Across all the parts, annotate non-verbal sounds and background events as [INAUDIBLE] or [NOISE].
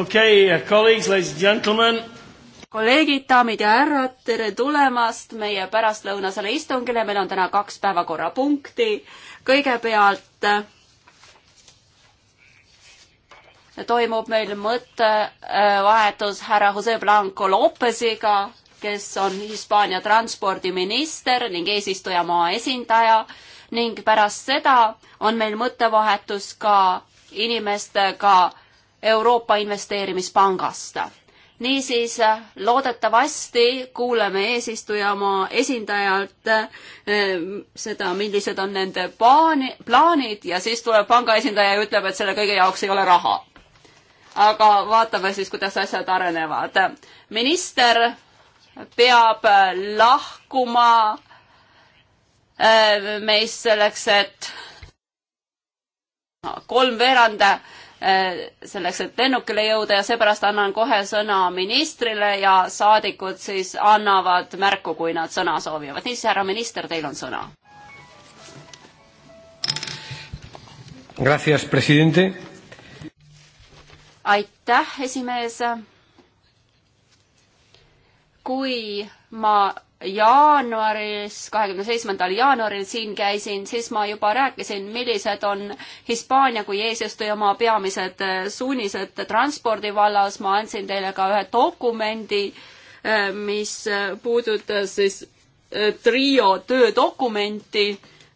okei okay,, uh, colleagues, ladies and gentlemen. kolleegid, daamid ja härrad, tere tulemast meie pärastlõunasele istungile, meil on täna kaks päevakorrapunkti. kõigepealt äh, toimub meil mõttevahetus härra Jose Blanco Lopesiga, kes on Hispaania transpordiminister ning eesistujamaa esindaja ning pärast seda on meil mõttevahetus ka inimestega Euroopa Investeerimispangast. niisiis loodetavasti kuuleme eesistujamaa esindajalt eh, seda, millised on nende paani, plaanid ja siis tuleb panga esindaja ja ütleb, et selle kõige jaoks ei ole raha. aga vaatame siis, kuidas asjad arenevad. minister peab lahkuma eh, meist selleks, et kolmveerand Eh, selleks, et lennukile jõuda ja seepärast annan kohe sõna ministrile ja saadikud siis annavad märku, kui nad sõna soovivad. niisiis, härra minister, teil on sõna. Gracias, presidente. aitäh, esimees. kui ma jaanuaris, kahekümne seitsmendal jaanuaril siin käisin, siis ma juba rääkisin, millised on Hispaania kui eesistujamaa peamised äh, suunised transpordi vallas, ma andsin teile ka ühe dokumendi, äh, mis äh, puudutas siis trio töödokumenti.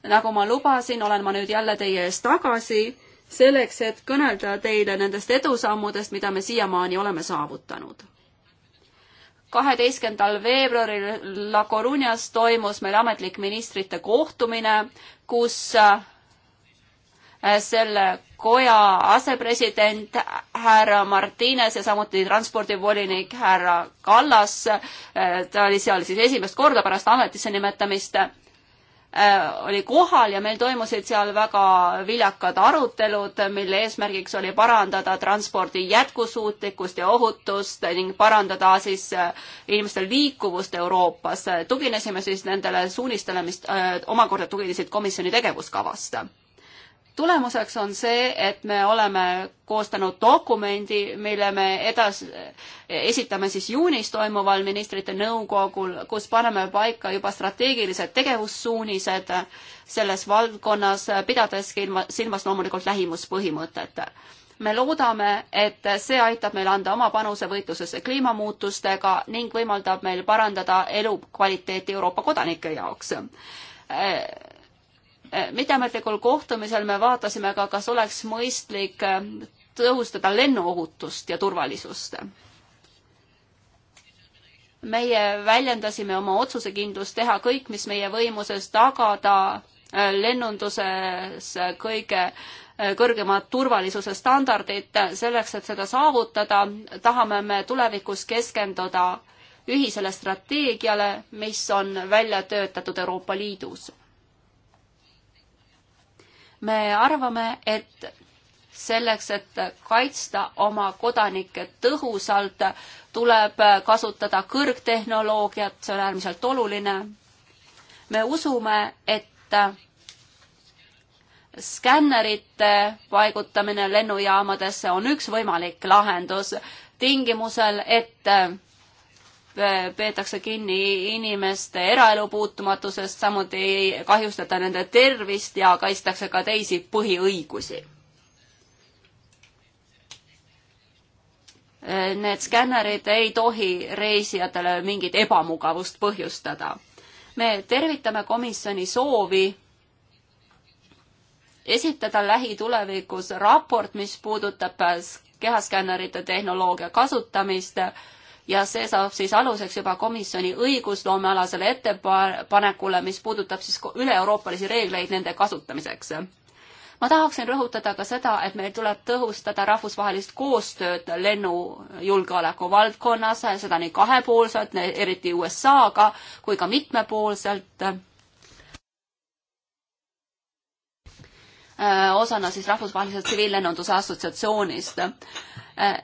nagu ma lubasin, olen ma nüüd jälle teie ees tagasi, selleks, et kõnelda teile nendest edusammudest, mida me siiamaani oleme saavutanud kaheteistkümnendal veebruaril La Coruñas toimus meil ametlik ministrite kohtumine, kus äh, selle koja asepresident härra Martines ja samuti transpordivolinik härra Kallas, äh, ta oli seal siis esimest korda pärast ametisse nimetamist Äh, oli kohal ja meil toimusid seal väga viljakad arutelud, mille eesmärgiks oli parandada transpordi jätkusuutlikkust ja ohutust ning parandada siis äh, inimeste liikuvust Euroopas. tuginesime siis nendele suunistele, mis äh, omakorda tuginesid komisjoni tegevuskavast tulemuseks on see, et me oleme koostanud dokumendi, mille me edas-, esitame siis juunis toimuval ministrite nõukogul, kus paneme paika juba strateegilised tegevussuunised selles valdkonnas, pidades ilma, silmas loomulikult lähimuspõhimõtet. me loodame, et see aitab meil anda oma panuse võitlusesse kliimamuutustega ning võimaldab meil parandada elukvaliteeti Euroopa kodanike jaoks Eh, mitteametlikul kohtumisel me vaatasime ka, kas oleks mõistlik eh, tõhustada lennuohutust ja turvalisust. meie väljendasime oma otsusekindlust teha kõik, mis meie võimuses tagada eh, lennunduses kõige kõrgemad turvalisuse standardid, selleks, et seda saavutada, tahame me tulevikus keskenduda ühisele strateegiale, mis on välja töötatud Euroopa Liidus me arvame, et selleks, et kaitsta oma kodanikke tõhusalt, tuleb kasutada kõrgtehnoloogiat, see on äärmiselt oluline. me usume, et skännerite paigutamine lennujaamadesse on üks võimalik lahendus tingimusel, et Äh, peetakse kinni inimeste eraelu puutumatusest, samuti ei kahjustata nende tervist ja kaitstakse ka teisi põhiõigusi. Äh, need skännerid ei tohi reisijatele mingit ebamugavust põhjustada. me tervitame komisjoni soovi esitada lähitulevikus raport, mis puudutab kehaskännerite tehnoloogia kasutamist ja see saab siis aluseks juba komisjoni õigusloomealasele ettepanekule, mis puudutab siis üle-euroopalisi reegleid nende kasutamiseks. ma tahaksin rõhutada ka seda, et meil tuleb tõhustada rahvusvahelist koostööd lennujulgeoleku valdkonnas, seda nii kahepoolselt, eriti USA-ga, kui ka mitmepoolselt äh, osana siis rahvusvahelisest tsiviillennunduse assotsiatsioonist. Äh,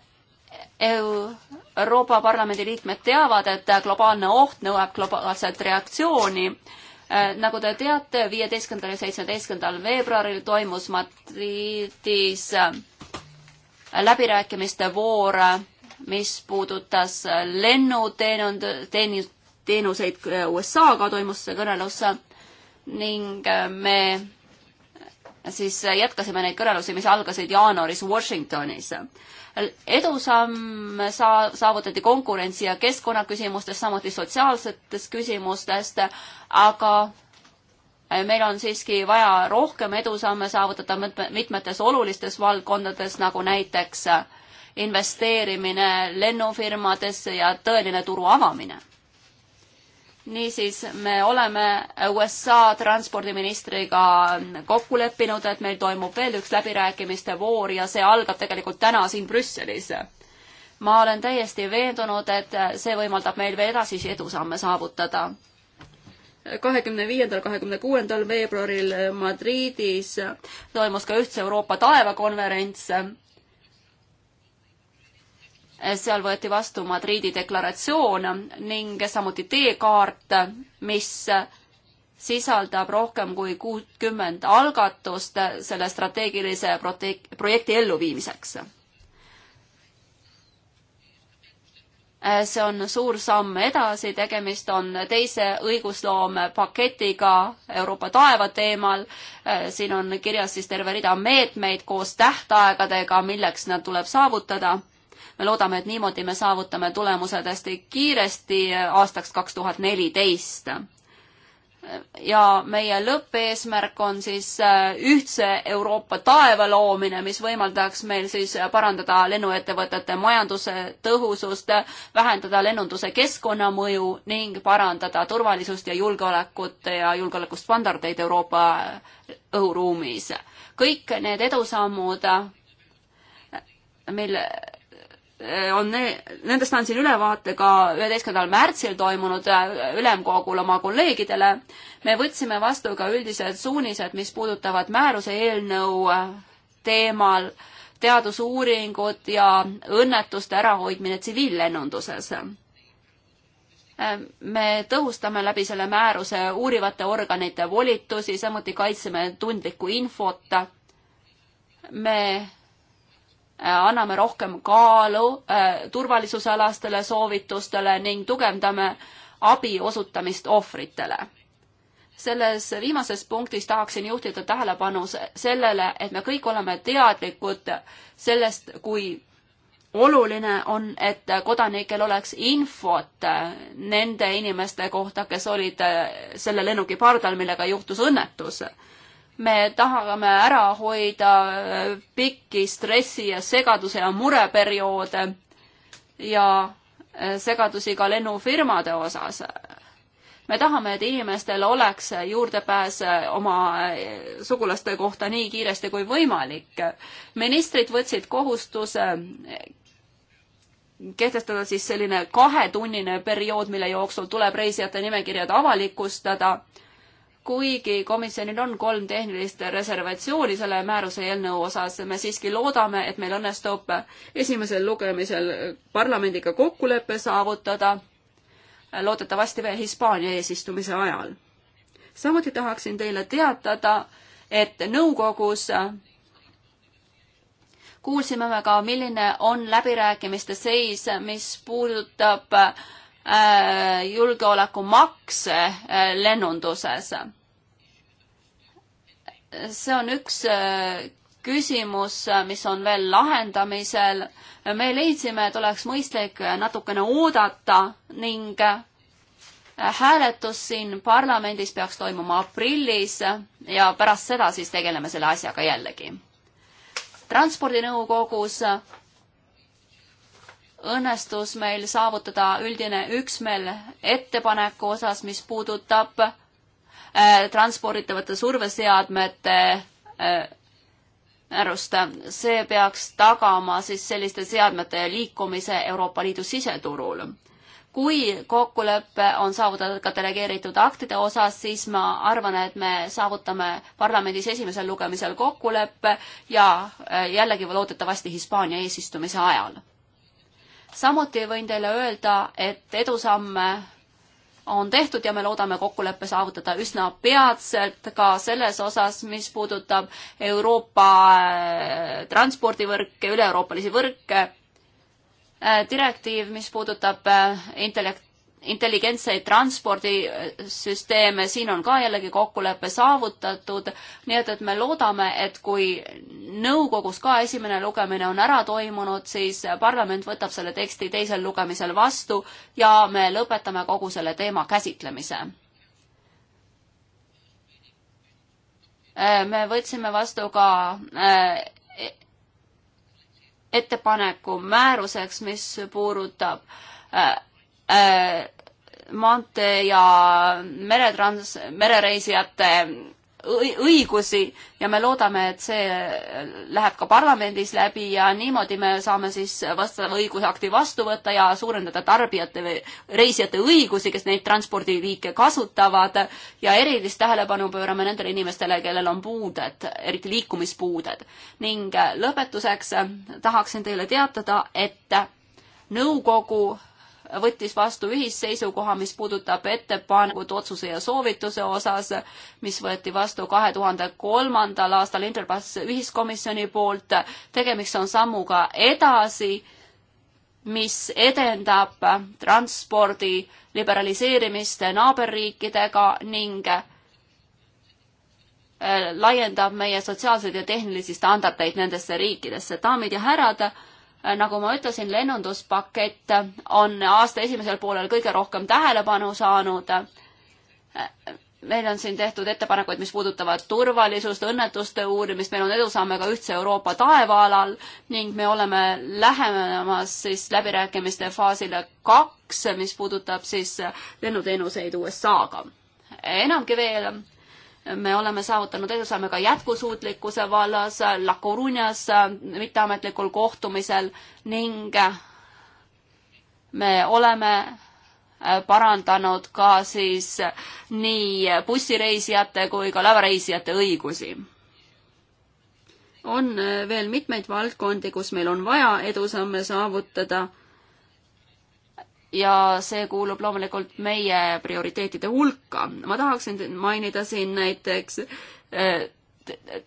Euroopa Parlamendi liikmed teavad, et globaalne oht nõuab globaalset reaktsiooni. Äh, nagu te teate, viieteistkümnendal ja seitsmeteistkümnendal veebruaril toimus Madridis äh, läbirääkimiste voor, mis puudutas lennuteenund-, teenis-, teenuseid äh, USA-ga toimus see kõnelus ning me siis jätkasime neid kõnelusi, mis algasid jaanuaris Washingtonis edusamm saa-, saavutati konkurentsi- ja keskkonnaküsimustes, samuti sotsiaalsetest küsimustest, aga meil on siiski vaja rohkem edusamme saavutada mitmetes olulistes valdkondades, nagu näiteks investeerimine lennufirmadesse ja tõeline turu avamine niisiis, me oleme USA transpordiministriga kokku leppinud, et meil toimub veel üks läbirääkimiste voor ja see algab tegelikult täna siin Brüsselis. ma olen täiesti veendunud, et see võimaldab meil veel edasisi edusamme saavutada. kahekümne viiendal, kahekümne kuuendal veebruaril Madridis toimus ka Ühtse Euroopa taevakonverents seal võeti vastu Madriidi deklaratsioon ning samuti teekaart, mis sisaldab rohkem kui kuutkümmend algatust selle strateegilise prote-, projekti elluviimiseks. see on suur samm edasi, tegemist on teise õigusloome paketiga Euroopa taeva teemal. siin on kirjas siis terve rida meetmeid koos tähtaegadega, milleks nad tuleb saavutada me loodame, et niimoodi me saavutame tulemused hästi kiiresti aastaks kaks tuhat neliteist ja meie lõppeesmärk on siis äh, ühtse Euroopa taeva loomine, mis võimaldaks meil siis parandada lennuettevõtete majanduse tõhusust, vähendada lennunduse keskkonnamõju ning parandada turvalisust ja julgeolekut ja julgeolekustandardeid Euroopa äh, õhuruumis. kõik need edusammud, äh, mille Äh, on ne-, nendest andsin ülevaate ka üheteistkümnendal märtsil toimunud äh, ülemkogul oma kolleegidele. me võtsime vastu ka üldised suunised, mis puudutavad määruse eelnõu äh, teemal teadusuuringud ja õnnetuste ärahoidmine tsiviillennunduses. me tõhustame läbi selle määruse uurivate organite volitusi, samuti kaitseme tundlikku infot. me Äh, anname rohkem kaalu äh, turvalisusalastele soovitustele ning tugevdame abi osutamist ohvritele. selles viimases punktis tahaksin juhtida tähelepanu sellele, et me kõik oleme teadlikud sellest, kui oluline on, et kodanikel oleks infot äh, nende inimeste kohta, kes olid selle lennuki pardal, millega juhtus õnnetus me tahame ära hoida äh, pikki stressi ja segaduse ja mureperioode ja äh, segadusi ka lennufirmade osas. me tahame, et inimestel oleks juurdepääs äh, oma sugulaste kohta nii kiiresti kui võimalik. ministrid võtsid kohustuse kehtestada siis selline kahetunnine periood, mille jooksul tuleb reisijate nimekirjad avalikustada kuigi komisjonil on kolm tehnilist reservatsiooni selle määruse eelnõu osas, me siiski loodame, et meil õnnestub esimesel lugemisel parlamendiga kokkulepe saavutada, loodetavasti veel Hispaania eesistumise ajal. samuti tahaksin teile teatada, et nõukogus kuulsime me ka, milline on läbirääkimiste seis, mis puudutab äh, julgeolekumakse äh, lennunduses see on üks äh, küsimus, äh, mis on veel lahendamisel. me leidsime, et oleks mõistlik natukene oodata ning äh, hääletus siin parlamendis peaks toimuma aprillis ja pärast seda siis tegeleme selle asjaga jällegi. transpordinõukogus õnnestus meil saavutada üldine üksmeel ettepaneku osas, mis puudutab Äh, transporditavate surveseadmete äh, määrust. see peaks tagama siis selliste seadmete liikumise Euroopa Liidu siseturul. kui kokkulepe on saavutatud ka delegeeritud aktide osas, siis ma arvan, et me saavutame parlamendis esimesel lugemisel kokkuleppe ja äh, jällegi loodetavasti Hispaania eesistumise ajal. samuti võin teile öelda, et edusamme on tehtud ja me loodame kokkuleppe saavutada üsna peatselt ka selles osas, mis puudutab Euroopa äh, transpordivõrke, üle-euroopalisi võrke äh, direktiiv, mis puudutab äh, intellekt, intelligentseid transpordisüsteeme, siin on ka jällegi kokkulepe saavutatud, nii et, et me loodame, et kui nõukogus ka esimene lugemine on ära toimunud, siis parlament võtab selle teksti teisel lugemisel vastu ja me lõpetame kogu selle teema käsitlemise. Äh, me võtsime vastu ka äh, e-, ettepaneku määruseks, mis puudutab äh, Äh, maantee ja meretrans-, merereisijate õigusi ja me loodame, et see läheb ka parlamendis läbi ja niimoodi me saame siis vastava õigusakti vastu võtta ja suurendada tarbijate või reisijate õigusi, kes neid transpordiliike kasutavad ja erilist tähelepanu pöörame nendele inimestele, kellel on puuded, eriti liikumispuuded. ning lõpetuseks tahaksin teile teatada, et nõukogu võttis vastu ühisseisukoha, mis puudutab ettepanekut otsuse ja soovituse osas, mis võeti vastu kahe tuhande kolmandal aastal Interpass ühiskomisjoni poolt. tegemist on sammuga edasi, mis edendab transpordi liberaliseerimist naaberriikidega ning äh, laiendab meie sotsiaalseid ja tehnilisi standardeid nendesse riikidesse. daamid ja härrad Äh, nagu ma ütlesin, lennunduspakett on aasta esimesel poolel kõige rohkem tähelepanu saanud. Äh, meil on siin tehtud ettepanekuid, mis puudutavad turvalisust, õnnetuste uurimist, meil on edusamme ka ühtse Euroopa taevaalal ning me oleme lähenemas siis läbirääkimiste faasile kaks, mis puudutab siis lennuteenuseid USA-ga. enamgi veel me oleme saavutanud edusamme ka jätkusuutlikkuse vallas La Coruñas äh, mitteametlikul kohtumisel ning äh, me oleme äh, parandanud ka siis nii bussireisijate kui ka lavareisijate õigusi. on veel mitmeid valdkondi, kus meil on vaja edusamme saavutada ja see kuulub loomulikult meie prioriteetide hulka. ma tahaksin mainida siin näiteks eh,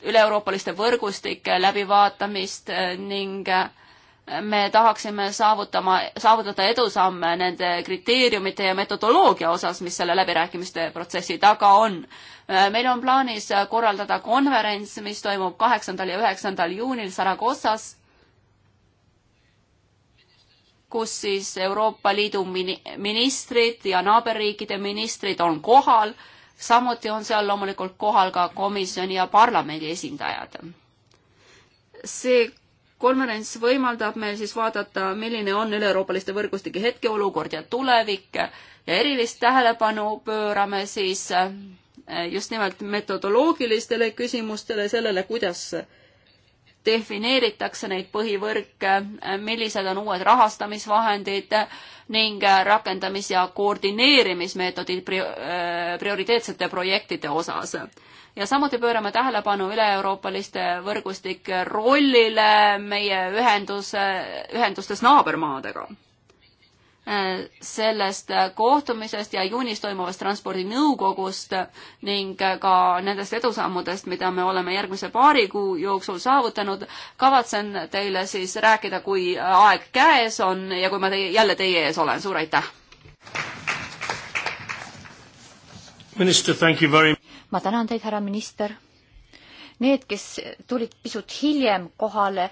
üle-euroopaliste võrgustike läbivaatamist eh, ning eh, me tahaksime saavutama, saavutada edusamme nende kriteeriumite ja metodoloogia osas, mis selle läbirääkimiste protsessi taga on. meil on plaanis korraldada konverents, mis toimub kaheksandal ja üheksandal juunil Saragossas kus siis Euroopa Liidu ministrid ja naaberriikide ministrid on kohal, samuti on seal loomulikult kohal ka komisjoni ja parlamendi esindajad. see konverents võimaldab meil siis vaadata, milline on üle-euroopaliste võrgustike hetkeolukord ja tulevik ja erilist tähelepanu pöörame siis eh, just nimelt metodoloogilistele küsimustele, sellele, kuidas defineeritakse neid põhivõrke, millised on uued rahastamisvahendid ning rakendamis- ja koordineerimismeetodid äh, prioriteetsete projektide osas. ja samuti pöörame tähelepanu üle-euroopaliste võrgustike rollile meie ühenduse, ühendustes naabermaadega sellest kohtumisest ja juunis toimuvast transpordinõukogust ning ka nendest edusammudest, mida me oleme järgmise paari kuu jooksul saavutanud. kavatsen teile siis rääkida, kui aeg käes on ja kui ma teie, jälle teie ees olen. suur aitäh! minister, thank you very ma tänan teid, härra minister. Need, kes tulid pisut hiljem kohale,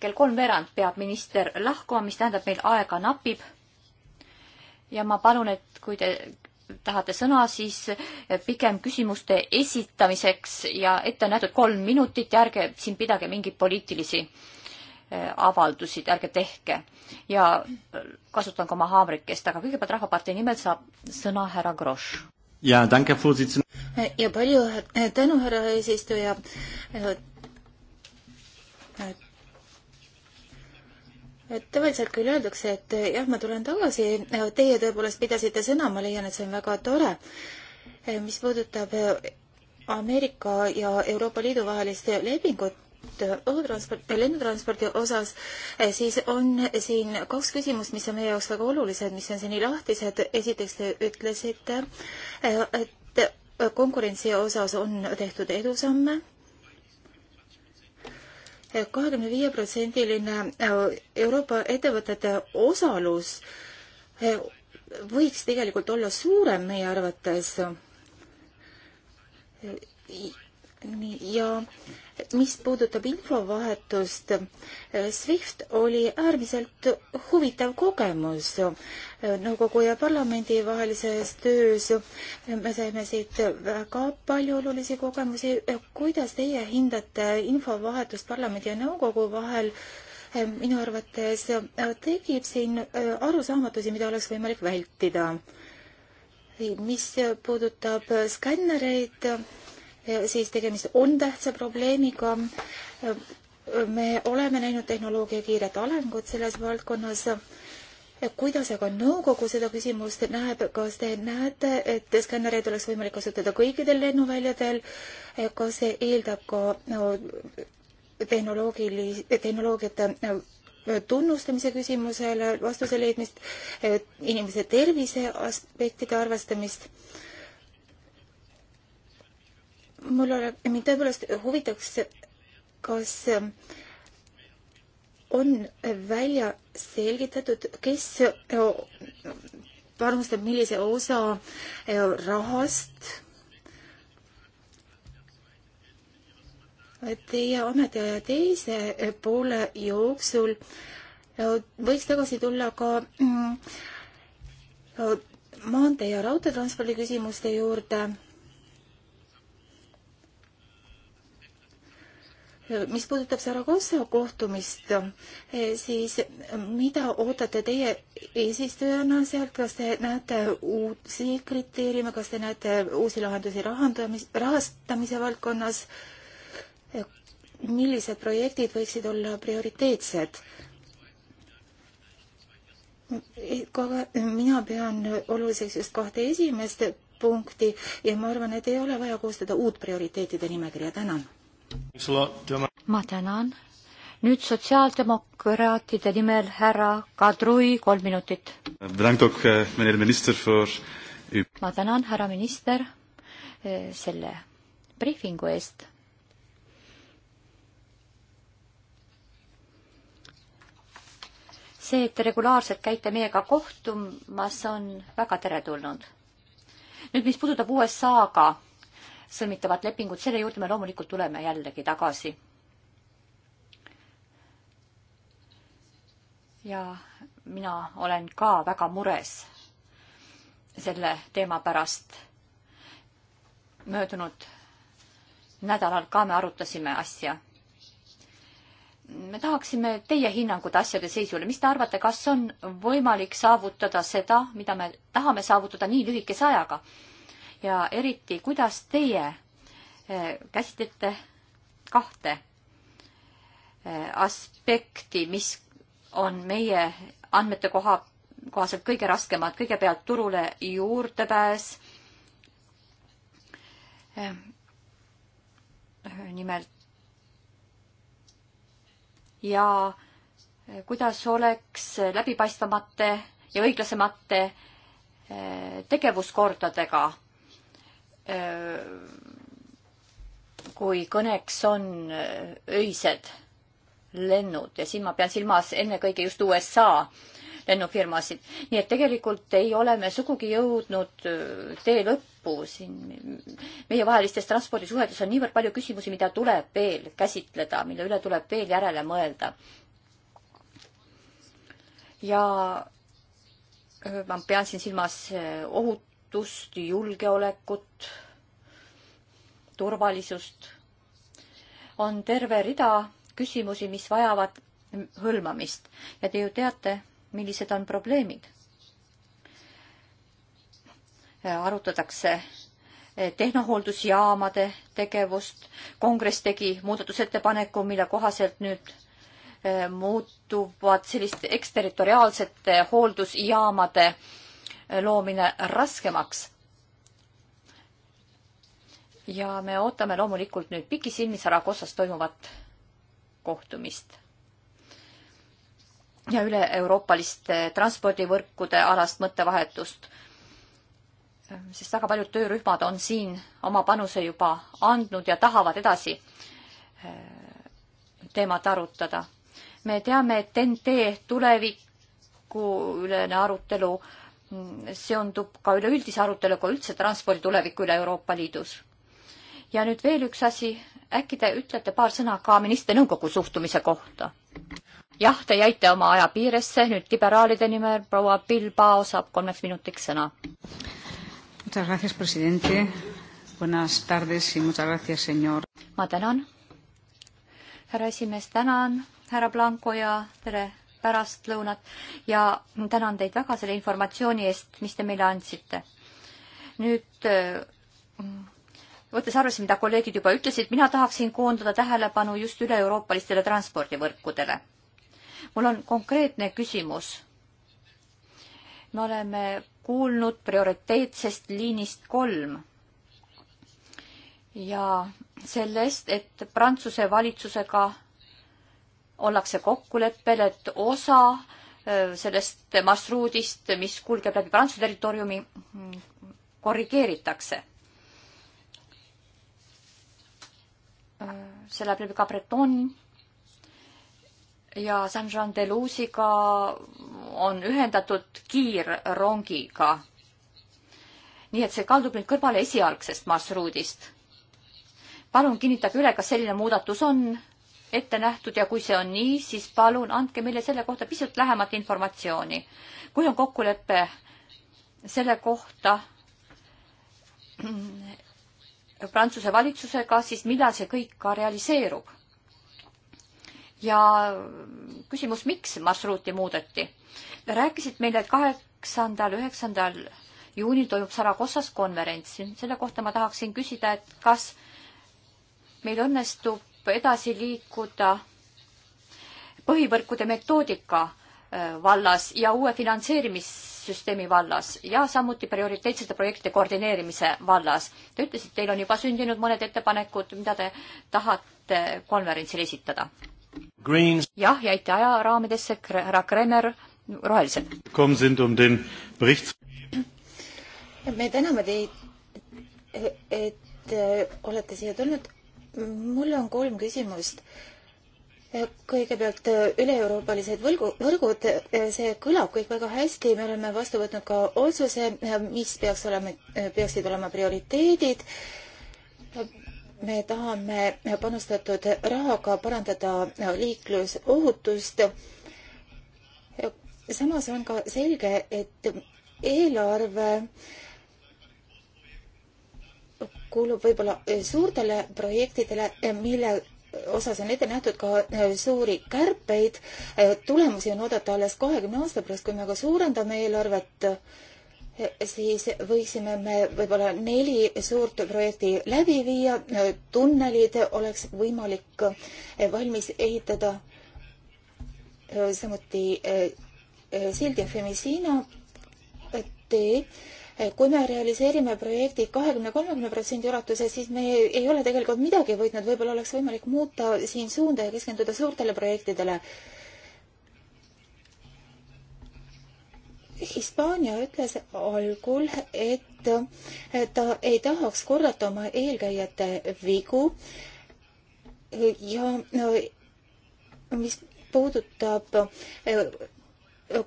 kell kolmveerand peab minister lahkuma, mis tähendab, meil aega napib. ja ma palun, et kui te tahate sõna, siis pigem küsimuste esitamiseks ja ette on nähtud kolm minutit ja ärge siin pidage mingeid poliitilisi eh, avaldusi, ärge tehke. ja kasutan ka oma haamrikest, aga kõigepealt Rahvapartei nimel saab sõna härra Grosch. ja tänke, ja palju tänu, härra eesistuja. tavaliselt küll öeldakse, et eh, jah, ma tulen tagasi, eh, teie tõepoolest pidasite sõna, ma leian, et see on väga tore. Eh, mis puudutab Ameerika ja Euroopa Liidu vahelist lepingut, õhutransporti, lennutranspordi osas, siis on siin kaks küsimust, mis on meie jaoks väga olulised, mis on seni lahtised. esiteks te ütlesite, et konkurentsi osas on tehtud edusamme kahekümne viie protsendiline äh, Euroopa ettevõtete osalus äh, võiks tegelikult olla suurem meie arvates. Äh, ja mis puudutab infovahetust, SWIFT oli äärmiselt huvitav kogemus nõukogu ja parlamendi vahelises töös. me saime siit väga palju olulisi kogemusi. kuidas teie hindate infovahetust parlamendi ja nõukogu vahel? minu arvates tekib siin arusaamatusi, mida oleks võimalik vältida. mis puudutab skännereid, Eh, siis tegemist on tähtsa probleemiga. Eh, me oleme näinud tehnoloogia kiiret arengut selles valdkonnas eh, kuidas aga nõukogu seda küsimust näeb, kas te näete, et skännereid oleks võimalik kasutada kõikidel lennuväljadel, kas see eeldab ka no, tehnoloogilisi, tehnoloogiate no, tunnustamise küsimusele vastuse leidmist, inimese tervise aspektide arvestamist mul ole, mind tõepoolest huvitaks, kas ähm, on välja selgitatud, kes panustab äh, millise osa äh, rahast teie ametiaja teise äh, poole jooksul võiks tagasi tulla ka mm, maantee- ja raudteetranspordi küsimuste juurde mis puudutab Saragossa kohtumist, eh, siis eh, mida ootate teie eesistujana sealt, kas te näete uusi kriteeriume, kas te näete uusi lahendusi rahandamis, rahastamise valdkonnas? Eh, millised projektid võiksid olla prioriteetsed? mina pean oluliseks just kahte esimest punkti ja ma arvan, et ei ole vaja koostada uut prioriteetide nimekirja. tänan ma tänan. nüüd sotsiaaldemokraatide nimel härra Kadri, kolm minutit. Eh, ma tänan, härra minister, eh, selle briifingu eest see, et te regulaarselt käite meiega kohtumas, on väga teretulnud. nüüd, mis puudutab USA-ga sõlmitavat lepingut, selle juurde me loomulikult tuleme jällegi tagasi. ja mina olen ka väga mures selle teema pärast. möödunud nädalal ka me arutasime asja. me tahaksime teie hinnangut asjade seisule, mis te arvate, kas on võimalik saavutada seda, mida me tahame saavutada nii lühikese ajaga? ja eriti, kuidas teie eh, käsitlete kahte eh, aspekti, mis on meie andmete koha, kohaselt kõige raskemad, kõigepealt turule juurdepääs. Eh, nimelt. ja kuidas oleks läbipaistvamate ja õiglasemate tegevuskordadega Äh, kui kõneks on äh, öised lennud ja siin ma pean silmas ennekõike just USA lennufirmasid. nii et tegelikult ei ole me sugugi jõudnud äh, tee lõppu siin. meievahelistes transpordisuhetes on niivõrd palju küsimusi, mida tuleb veel käsitleda, mille üle tuleb veel järele mõelda. ja ma pean siin silmas ohut-, ohutust, julgeolekut, turvalisust. on terve rida küsimusi, mis vajavad hõlmamist ja te ju teate, millised on probleemid. arutatakse eh, tehnohooldusjaamade tegevust. kongress tegi muudatusettepaneku, mille kohaselt nüüd eh, muutuvad selliste eksterritoriaalsete hooldusjaamade äh, loomine raskemaks. ja me ootame loomulikult nüüd pikisilmi Saragossas toimuvat kohtumist ja üle-euroopaliste transpordivõrkude alast mõttevahetust, sest väga paljud töörühmad on siin oma panuse juba andnud ja tahavad edasi äh, teemat arutada. me teame, et TNT tuleviku ülene arutelu äh, seondub ka üleüldise aruteluga üldse transpordi tuleviku üle Euroopa Liidus. ja nüüd veel üks asi, äkki te ütlete paar sõna ka ministrinõukogu suhtumise kohta? jah, te jäite oma aja piiresse, nüüd liberaalide nimel proua Bilbao saab kolmeks minutiks sõna. ma tänan, härra esimees, tänan, härra Blanco ja tere pärastlõunat ja tänan teid väga selle informatsiooni eest, mis te meile andsite. nüüd äh, võttes arvesse, mida kolleegid juba ütlesid, mina tahaksin koondada tähelepanu just üle-euroopalistele transpordivõrkudele. mul on konkreetne küsimus. me oleme kuulnud prioriteetsest liinist kolm ja sellest, et Prantsuse valitsusega ollakse kokkuleppel, et osa äh, sellest marsruudist, mis kulgeb läbi Prantsuse territooriumi, korrigeeritakse. Äh, see läheb läbi ka Breton ja Saint-Jean-de-Luziga on ühendatud kiirrongiga. nii et see kaldub nüüd kõrvale esialgsest marsruudist. palun kinnitage üle, kas selline muudatus on ette nähtud ja kui see on nii, siis palun andke meile selle kohta pisut lähemat informatsiooni. kui on kokkulepe selle kohta [CLEARS THROAT] Prantsuse valitsusega, siis millal see kõik ka realiseerub? ja küsimus, miks marsruuti muudeti? rääkisid meile, et kaheksandal, üheksandal juunil toimub Saragossas konverents. selle kohta ma tahaksin küsida, et kas meil õnnestub edasi liikuda põhivõrkude metoodika äh, vallas ja uue finantseerimissüsteemi vallas ja samuti prioriteetsete projektide koordineerimise vallas. Te ütlesite, teil on juba sündinud mõned ettepanekud, mida te tahate konverentsil esitada. jah, jäite ajaraamidesse, härra Kremer, rohelised. Um me täname teid, et äh, olete siia tulnud mul on kolm küsimust. kõigepealt üle-euroopalised võlgu, võrgud, see kõlab kõik väga hästi, me oleme vastu võtnud ka otsuse, mis peaks olema, peaksid olema prioriteedid. me tahame panustatud rahaga parandada liiklusohutust. samas on ka selge, et eelarve äh, kuulub võib-olla äh, suurtele projektidele, äh, mille äh, osas on ette nähtud ka suuri kärpeid. tulemusi on oodata alles kahekümne aasta pärast, kui me aga suurendame eelarvet, siis võiksime me võib-olla neli suurt projekti läbi viia, tunnelid oleks võimalik valmis ehitada, samuti Sildia Femicina tee Eh, kui me realiseerime projektid kahekümne, kolmekümne protsendi ulatuses, siis me ei ole tegelikult midagi võitnud, võib-olla oleks võimalik muuta siin suunda ja keskenduda suurtele projektidele. Hispaania ütles algul, et ta ei tahaks korrata oma eelkäijate vigu ja no, mis puudutab eh,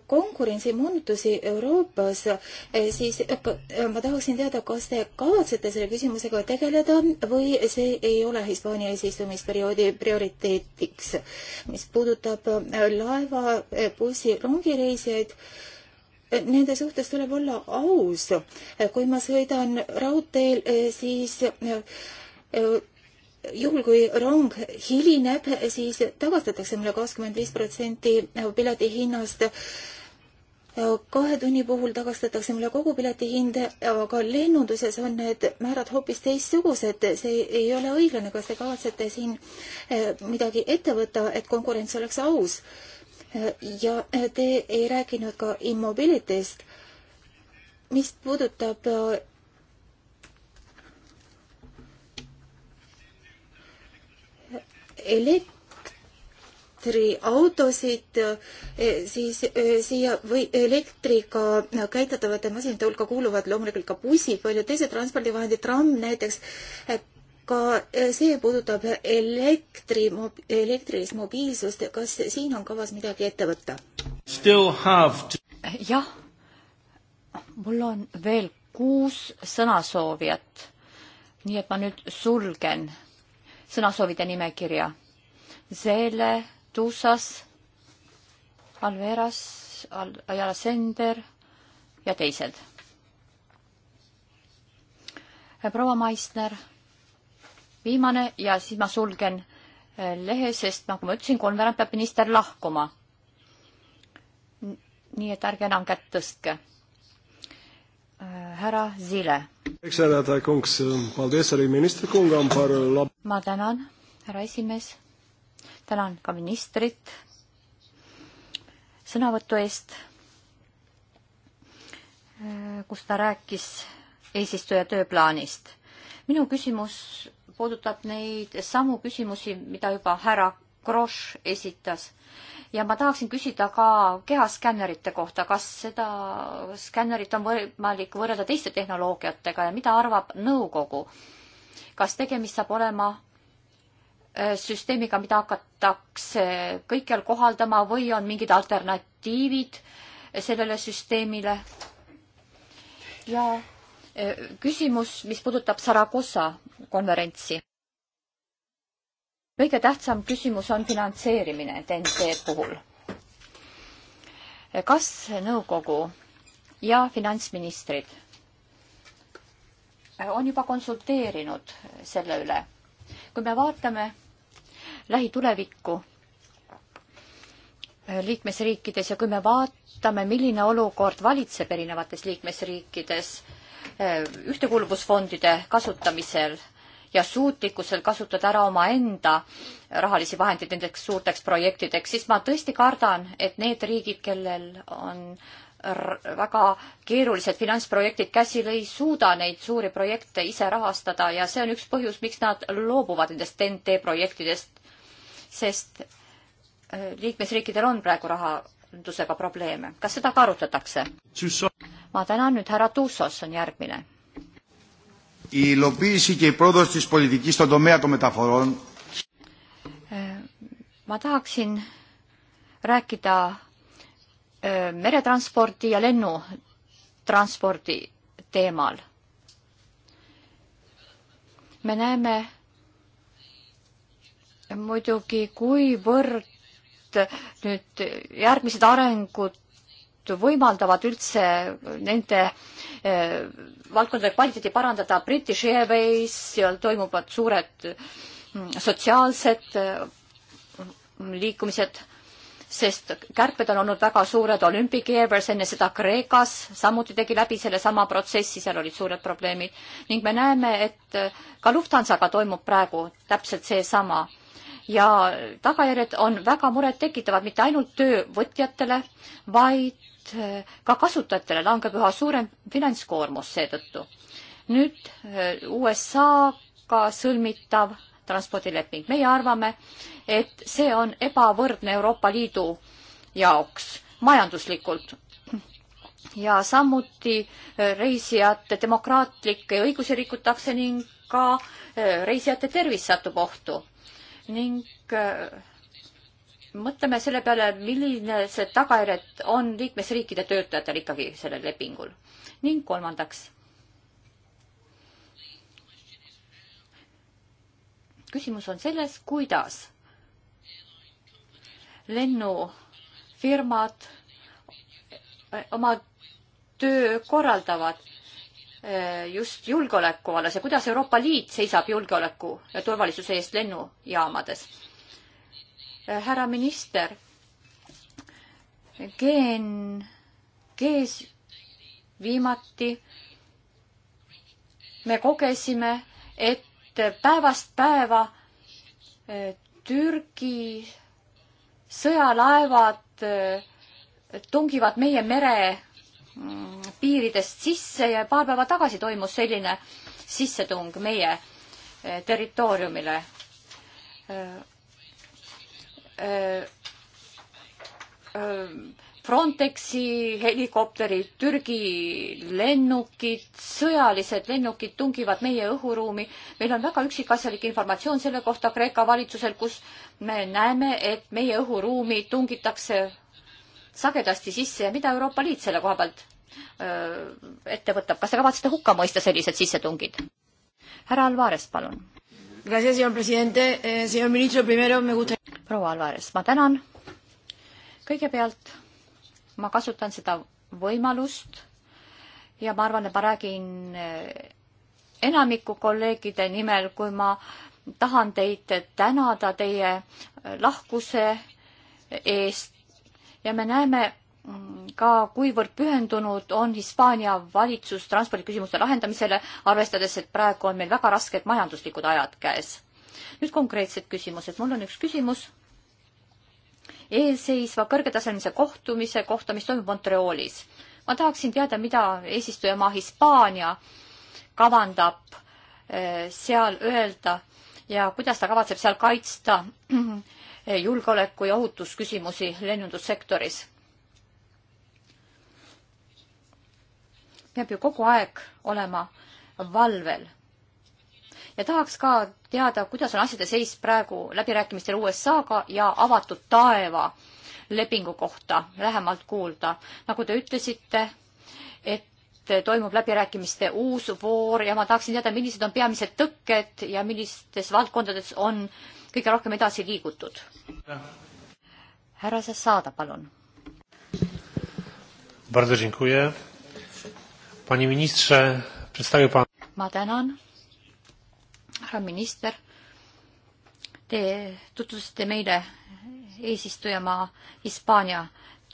konkurentsimuutusi Euroopas, eh, siis eh, eh, ma tahaksin teada, kas te kavatsete selle küsimusega tegeleda või see ei ole Hispaania eesistumisperioodi prioriteetiks, mis puudutab laeva, bussi, rongireisijaid nende suhtes tuleb olla aus. kui ma sõidan raudteel, siis juhul, kui rong hilineb, siis tagastatakse mulle kakskümmend viis protsenti piletihinnast kahe tunni puhul tagastatakse mulle kogu piletihind, aga lennunduses on need määrad hoopis teistsugused, see ei ole õiglane, kas te kavatsete siin eh, midagi ette võtta, et konkurents oleks aus? ja eh, te ei rääkinud ka immobilitest, mis puudutab eh, elektriautosid eh, siis eh, siia või elektriga käitatavate masinate hulka kuuluvad loomulikult ka bussid, paljud teised transpordivahendid, tramm näiteks, eh, ka see puudutab elektri, elektrilist mobiilsust, kas siin on kavas midagi ette võtta? jah, mul on veel kuus sõnasoovijat, nii et ma nüüd sulgen sõnasoovide nimekirja. Zele, Tuusas, Alveras, Al-, Ajala Sender ja teised. proua Maisner, viimane ja siis ma sulgen eh, lehe, sest nagu ma ütlesin, kolmveerand peab minister lahkuma. nii et ärge enam kätt tõstke Äh, härra Zile. Äh, ma tänan, härra esimees. tänan ka ministrit sõnavõtu eest, äh, kus ta rääkis eesistuja tööplaanist. minu küsimus puudutab neid samu küsimusi, mida juba härra Grosch esitas ja ma tahaksin küsida ka kehaskännerite kohta, kas seda skännerit on võimalik võrrelda teiste tehnoloogiatega ja mida arvab nõukogu? kas tegemist saab olema äh, süsteemiga, mida hakatakse kõikjal kohaldama või on mingid alternatiivid äh, sellele süsteemile? ja äh, küsimus, mis puudutab Saragossa konverentsi kõige tähtsam küsimus on finantseerimine TNT puhul. kas nõukogu ja finantsministrid on juba konsulteerinud selle üle? kui me vaatame lähitulevikku liikmesriikides ja kui me vaatame, milline olukord valitseb erinevates liikmesriikides eh, ühtekuuluvusfondide kasutamisel ja suutlikkusel kasutada ära omaenda rahalisi vahendeid nendeks suurteks projektideks, siis ma tõesti kardan, et need riigid, kellel on väga keerulised finantsprojektid käsil, ei suuda neid suuri projekte ise rahastada ja see on üks põhjus, miks nad loobuvad nendest TNT projektidest, sest äh, liikmesriikidel on praegu rahandusega probleeme. kas seda ka arutatakse? ma tänan nüüd, härra Tuussos on järgmine η υλοποίηση και η πρόοδος της πολιτικής στον τομέα των μεταφορών. Ma tahaksin rääkida meretranspordi ja lennutranspordi teemal. me näeme muidugi, kuivõrd nüüd järgmised arengud võimaldavad üldse nende eh, valdkondade kvaliteedi parandada. British Airways, seal toimuvad suured mm, sotsiaalsed mm, liikumised, sest kärped on olnud väga suured. Olympic Airways enne seda Kreekas samuti tegi läbi sellesama protsessi, seal olid suured probleemid ning me näeme, et ka Lufthansaga toimub praegu täpselt seesama ja tagajärjed on väga murettekitavad mitte ainult töövõtjatele, vaid Eh, ka kasutajatele langeb üha suurem finantskoormus seetõttu. nüüd eh, USA-ga sõlmitav transpordileping, meie arvame, et see on ebavõrdne Euroopa Liidu jaoks majanduslikult ja samuti eh, reisijate demokraatlikke õigusi rikutakse ning ka reisijate tervis satub ohtu ning mõtleme selle peale, milline see tagajärjed on liikmesriikide töötajatel ikkagi sellel lepingul. ning kolmandaks. küsimus on selles, kuidas lennufirmad oma töö korraldavad eh, just julgeoleku vallas ja kuidas Euroopa Liit seisab julgeoleku ja turvalisuse eest lennujaamades Eh, härra minister, geen, gees viimati me kogesime, et päevast päeva eh, Türgi sõjalaevad eh, tungivad meie mere mm, piiridest sisse ja paar päeva tagasi toimus selline sissetung meie territooriumile. Äh, äh, Frontexi helikopterid, Türgi lennukid, sõjalised lennukid tungivad meie õhuruumi. meil on väga üksikasjalik informatsioon selle kohta Kreeka valitsusel, kus me näeme, et meie õhuruumi tungitakse sagedasti sisse ja mida Euroopa Liit selle koha pealt äh, ette võtab. kas te kavatsete hukka mõista sellised sissetungid? härra Alvarez, palun proua Alvares, ma tänan. kõigepealt ma kasutan seda võimalust ja ma arvan, et ma räägin eh, enamiku kolleegide nimel, kui ma tahan teid tänada teie eh, lahkuse eest ja me näeme mm, ka, kuivõrd pühendunud on Hispaania valitsus transpordiküsimuste lahendamisele, arvestades, et praegu on meil väga rasked majanduslikud ajad käes nüüd konkreetsed küsimused. mul on üks küsimus eelseisva kõrgetasemelise kohtumise kohta, mis toimub Montrealis. ma tahaksin teada, mida eesistujamaa Hispaania kavandab eh, seal öelda ja kuidas ta kavatseb seal kaitsta [CLEARS THROAT] julgeoleku ja ohutusküsimusi lennundussektoris. peab ju kogu aeg olema valvel ja tahaks ka teada, kuidas on asjade seis praegu läbirääkimistel USA-ga ja avatud taeva lepingu kohta lähemalt kuulda. nagu te ütlesite, et toimub läbirääkimiste uus voor ja ma tahaksin teada, millised on peamised tõkked ja millistes valdkondades on kõige rohkem edasi liigutud. härra Sassada, palun. ma tänan härra minister, te tutvustasite meile eesistujamaa Hispaania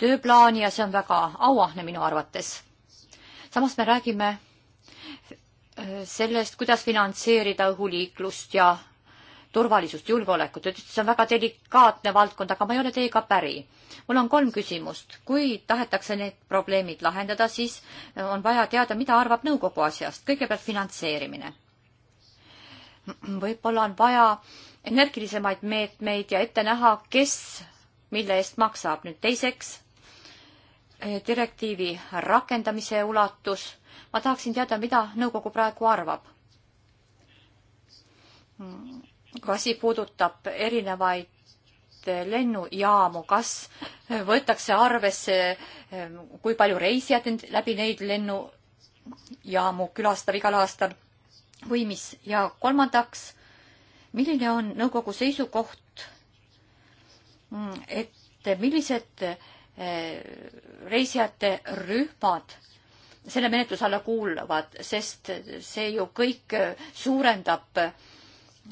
tööplaani ja see on väga auahne minu arvates. samas me räägime äh, sellest, kuidas finantseerida õhuliiklust ja turvalisust, julgeolekut. Te ütlesite, see on väga delikaatne valdkond, aga ma ei ole teiega päri. mul on kolm küsimust. kui tahetakse need probleemid lahendada, siis on vaja teada, mida arvab nõukogu asjast. kõigepealt finantseerimine võib-olla on vaja energilisemaid meetmeid ja ette näha, kes mille eest maksab. nüüd teiseks, eh, direktiivi rakendamise ulatus. ma tahaksin teada, mida nõukogu praegu arvab. Hmm, asi puudutab erinevaid eh, lennujaamu, kas eh, võetakse arvesse, kui palju reisijad läbi neid lennujaamu külastab igal aastal või mis ja kolmandaks, milline on nõukogu seisukoht, mm, et millised eh, reisijate rühmad selle menetluse alla kuuluvad, sest see ju kõik suurendab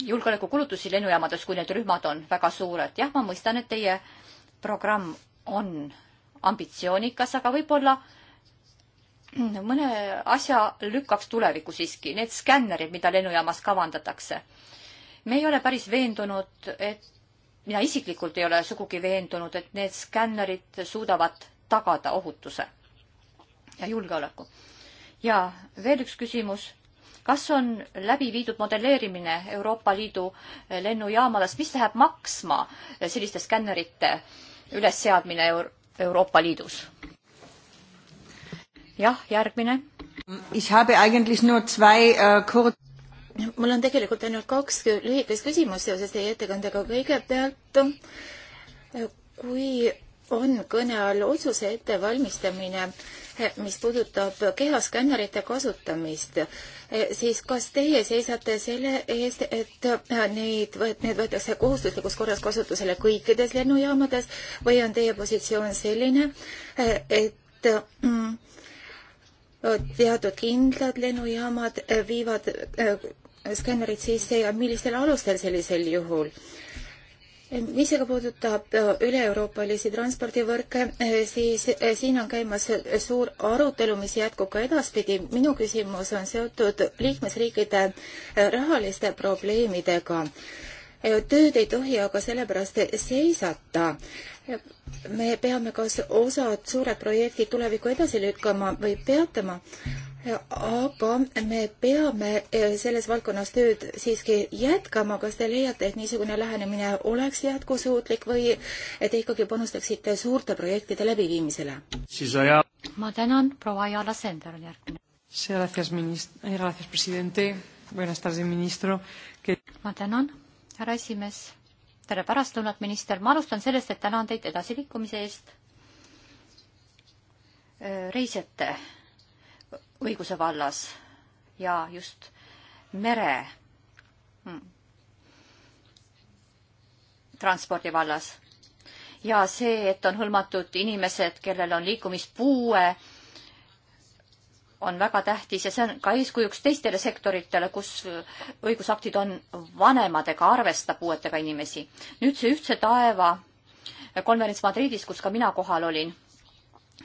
julgeolekukulutusi lennujaamades, kui need rühmad on väga suured. jah, ma mõistan, et teie programm on ambitsioonikas, aga võib-olla äh, [CLEARS THROAT] mõne asja lükkaks tulevikku siiski, need skännerid, mida lennujaamas kavandatakse. me ei ole päris veendunud, et, mina isiklikult ei ole sugugi veendunud, et need skännerid suudavad tagada ohutuse ja julgeoleku. ja veel üks küsimus. kas on läbi viidud modelleerimine Euroopa Liidu lennujaamadest, mis läheb maksma selliste skännerite ülesseadmine Euro Euroopa Liidus? jah, järgmine. Äh, mul on tegelikult ainult kaks lühikest küsimust seoses teie ettekandega. kõigepealt, äh, kui on kõne all otsuse ettevalmistamine, eh, mis puudutab kehaskännerite kasutamist, eh, siis kas teie seisate selle eest, et äh, neid, need võetakse kohustuslikus korras kasutusele kõikides lennujaamades või on teie positsioon selline, eh, et mm, teatud kindlad lennujaamad eh, viivad eh, skännerid sisse ja millistel alustel sellisel juhul? Eh, mis aga puudutab üle-euroopalisi transpordivõrke, siis siin on käimas suur arutelu, mis jätkub ka edaspidi. minu küsimus on seotud liikmesriikide rahaliste probleemidega tööd ei tohi aga sellepärast seisata. me peame kas osad suured projektid tulevikku edasi lükkama või peatama, aga me peame eh, selles valdkonnas tööd siiski jätkama. kas te leiate, et niisugune lähenemine oleks jätkusuutlik või te ikkagi panustaksite suurte projektide läbiviimisele? ma tänan, proua Jaala Sender on järgmine. Gracias, ministro. Eh, gracias, presidente. Buenas tardes, ministro. Ma tänan härra esimees, tere pärastlõunat, minister, ma alustan sellest, et tänan teid edasiliikumise eest reisijate õiguse vallas ja just mere hmm, transpordi vallas. ja see, et on hõlmatud inimesed, kellel on liikumispuue on väga tähtis ja see on ka eeskujuks teistele sektoritele, kus õigusaktid on vanemad ega arvesta puuetega inimesi. nüüd see Ühtse taeva konverents Madridis, kus ka mina kohal olin.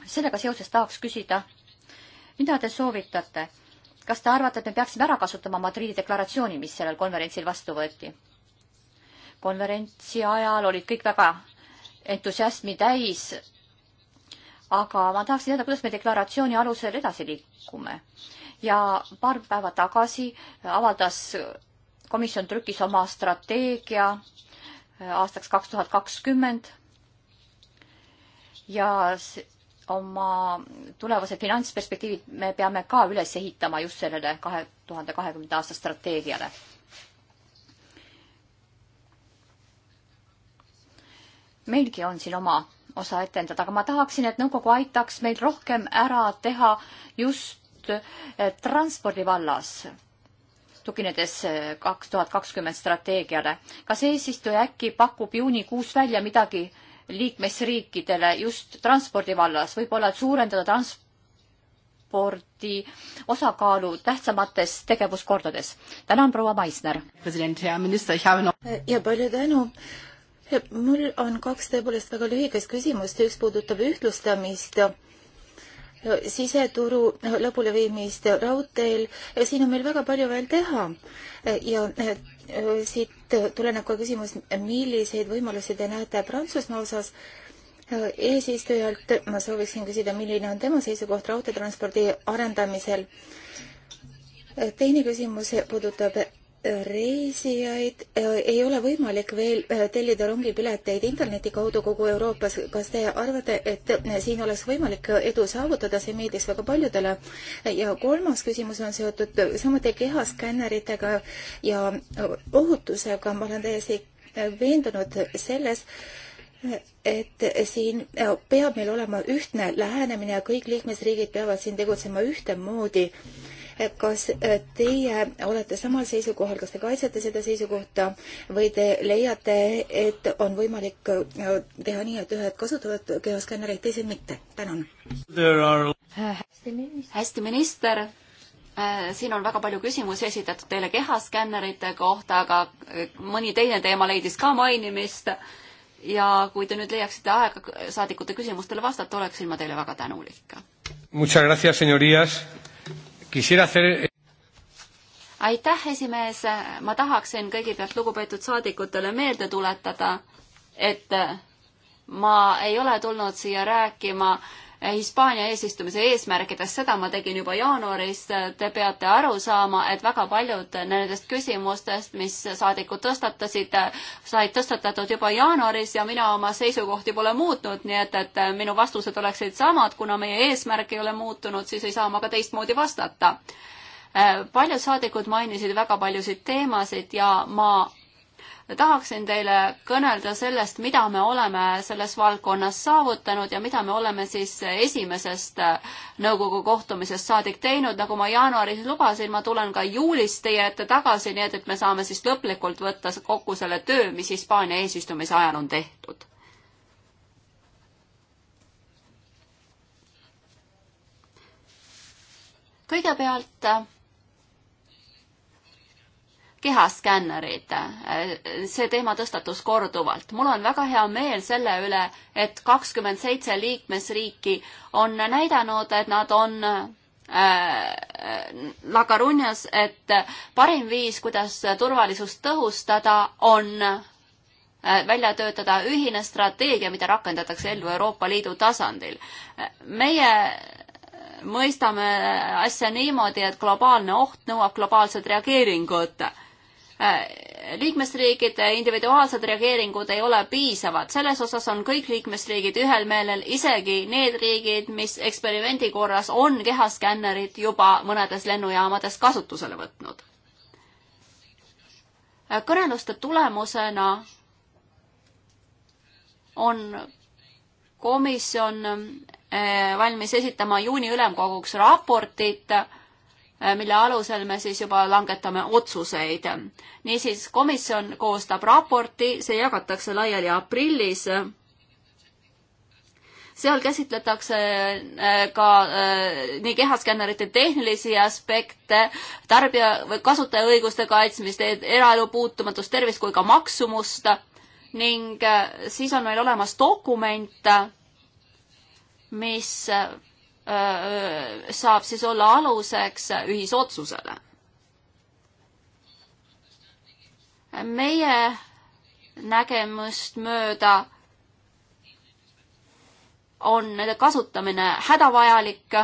sellega seoses tahaks küsida, mida te soovitate? kas te arvate, et me peaksime ära kasutama Madridi deklaratsiooni, mis sellel konverentsil vastu võeti? konverentsi ajal olid kõik väga entusiasmi täis aga ma tahaksin teada, kuidas me deklaratsiooni alusel edasi liikume. ja paar päeva tagasi avaldas komisjon trükis oma strateegia aastaks kaks tuhat kakskümmend ja oma tulevased finantsperspektiivid me peame ka üles ehitama just sellele kahe tuhande kahekümnenda aasta strateegiale. meilgi on siin oma osa etendada, aga ma tahaksin, et nõukogu aitaks meil rohkem ära teha just eh, transpordi vallas, tuginedes eh, kaks tuhat kakskümmend strateegiale. kas eesistuja äkki pakub juunikuus välja midagi liikmesriikidele just transpordi vallas, võib-olla et suurendada transpordi osakaalu tähtsamates tegevuskordades. tänan, proua Maisner. ja palju tänu mul on kaks tõepoolest väga lühikest küsimust, üks puudutab ühtlustamist siseturu lõpuleviimist raudteel, siin on meil väga palju veel teha. ja eh, siit tuleneb ka küsimus, milliseid võimalusi te näete Prantsusmaa osas eh, eesistujalt ma sooviksin küsida, milline on tema seisukoht raudteetranspordi arendamisel. Eh, teine küsimus puudutab reisijaid äh, ei ole võimalik veel äh, tellida rongipileteid interneti kaudu kogu Euroopas. kas te arvate, et äh, siin oleks võimalik edu saavutada, see meeldis väga paljudele. ja kolmas küsimus on seotud samuti kehaskänneritega ja ohutusega. ma olen täiesti veendunud selles, et siin peab meil olema ühtne lähenemine ja kõik liikmesriigid peavad siin tegutsema ühtemoodi kas teie olete samal seisukohal, kas te kaitsete seda seisukohta või te leiate, et on võimalik äh, teha nii, et ühed kasutavad kehaskännereid, teised mitte? tänan are.... hästi, minister äh, siin on väga palju küsimusi esitatud teile kehaskännerite kohta, aga äh, mõni teine teema leidis ka mainimist. ja kui te nüüd leiaksite aega saadikute küsimustele vastata, oleksin ma teile väga tänulik. Hacer... Eh, aitäh, esimees, ma tahaksin kõigepealt lugupeetud saadikutele meelde tuletada, et ma ei ole tulnud siia rääkima äh, Hispaania eesistumise eesmärkidest, seda ma tegin juba jaanuaris, te peate aru saama, et väga paljud nendest küsimustest, mis saadikud tõstatasid, said tõstatatud juba jaanuaris ja mina oma seisukohti pole muutnud, nii et, et minu vastused oleksid samad, kuna meie eesmärk ei ole muutunud, siis ei saa ma ka teistmoodi vastata paljud saadikud mainisid väga paljusid teemasid ja ma tahaksin teile kõnelda sellest, mida me oleme selles valdkonnas saavutanud ja mida me oleme siis esimesest äh, nõukogu kohtumisest saadik teinud. nagu ma jaanuaris lubasin, ma tulen ka juulis teie ette tagasi, nii et, et me saame siis lõplikult võtta kokku selle töö, mis Hispaania eesistumise ajal on tehtud. kõigepealt äh, kehaskännerid. see teema tõstatus korduvalt. mul on väga hea meel selle üle, et kakskümmend seitse liikmesriiki on näidanud, et nad on äh, La Carunias, et parim viis, kuidas turvalisust tõhustada, on äh, välja töötada ühine strateegia, mida rakendatakse ellu Euroopa Liidu tasandil. meie mõistame asja niimoodi, et globaalne oht nõuab globaalset reageeringut Äh, liikmesriikide individuaalsed reageeringud ei ole piisavad, selles osas on kõik liikmesriigid ühel meelel, isegi need riigid, mis eksperimendi korras on kehaskännerid juba mõnedes lennujaamades kasutusele võtnud. Äh, kõneluste tulemusena on komisjon äh, valmis esitama juuni ülemkoguks raportit Äh, mille alusel me siis juba langetame otsuseid. niisiis, komisjon koostab raporti, see jagatakse laiali aprillis seal käsitletakse äh, ka äh, nii kehaskännerite tehnilisi aspekte, tarbija või kasutajaõiguste kaitsmist, e-, eraelu puutumatust, tervist kui ka maksumust ning siis on meil olemas dokument, mis Äh, äh, saab siis olla aluseks ühisotsusele. meie nägemust mööda on nende kasutamine hädavajalik.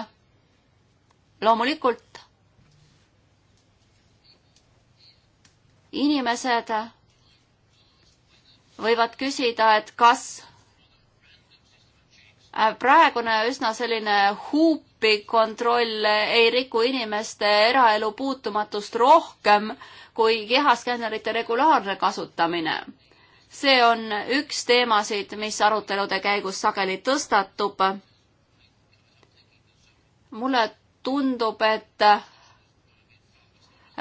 loomulikult inimesed võivad küsida, et kas Äh, praegune üsna selline huupikontroll ei riku inimeste eraelu puutumatust rohkem kui kehaskännerite regulaarne kasutamine. see on üks teemasid, mis arutelude käigus sageli tõstatub. mulle tundub, et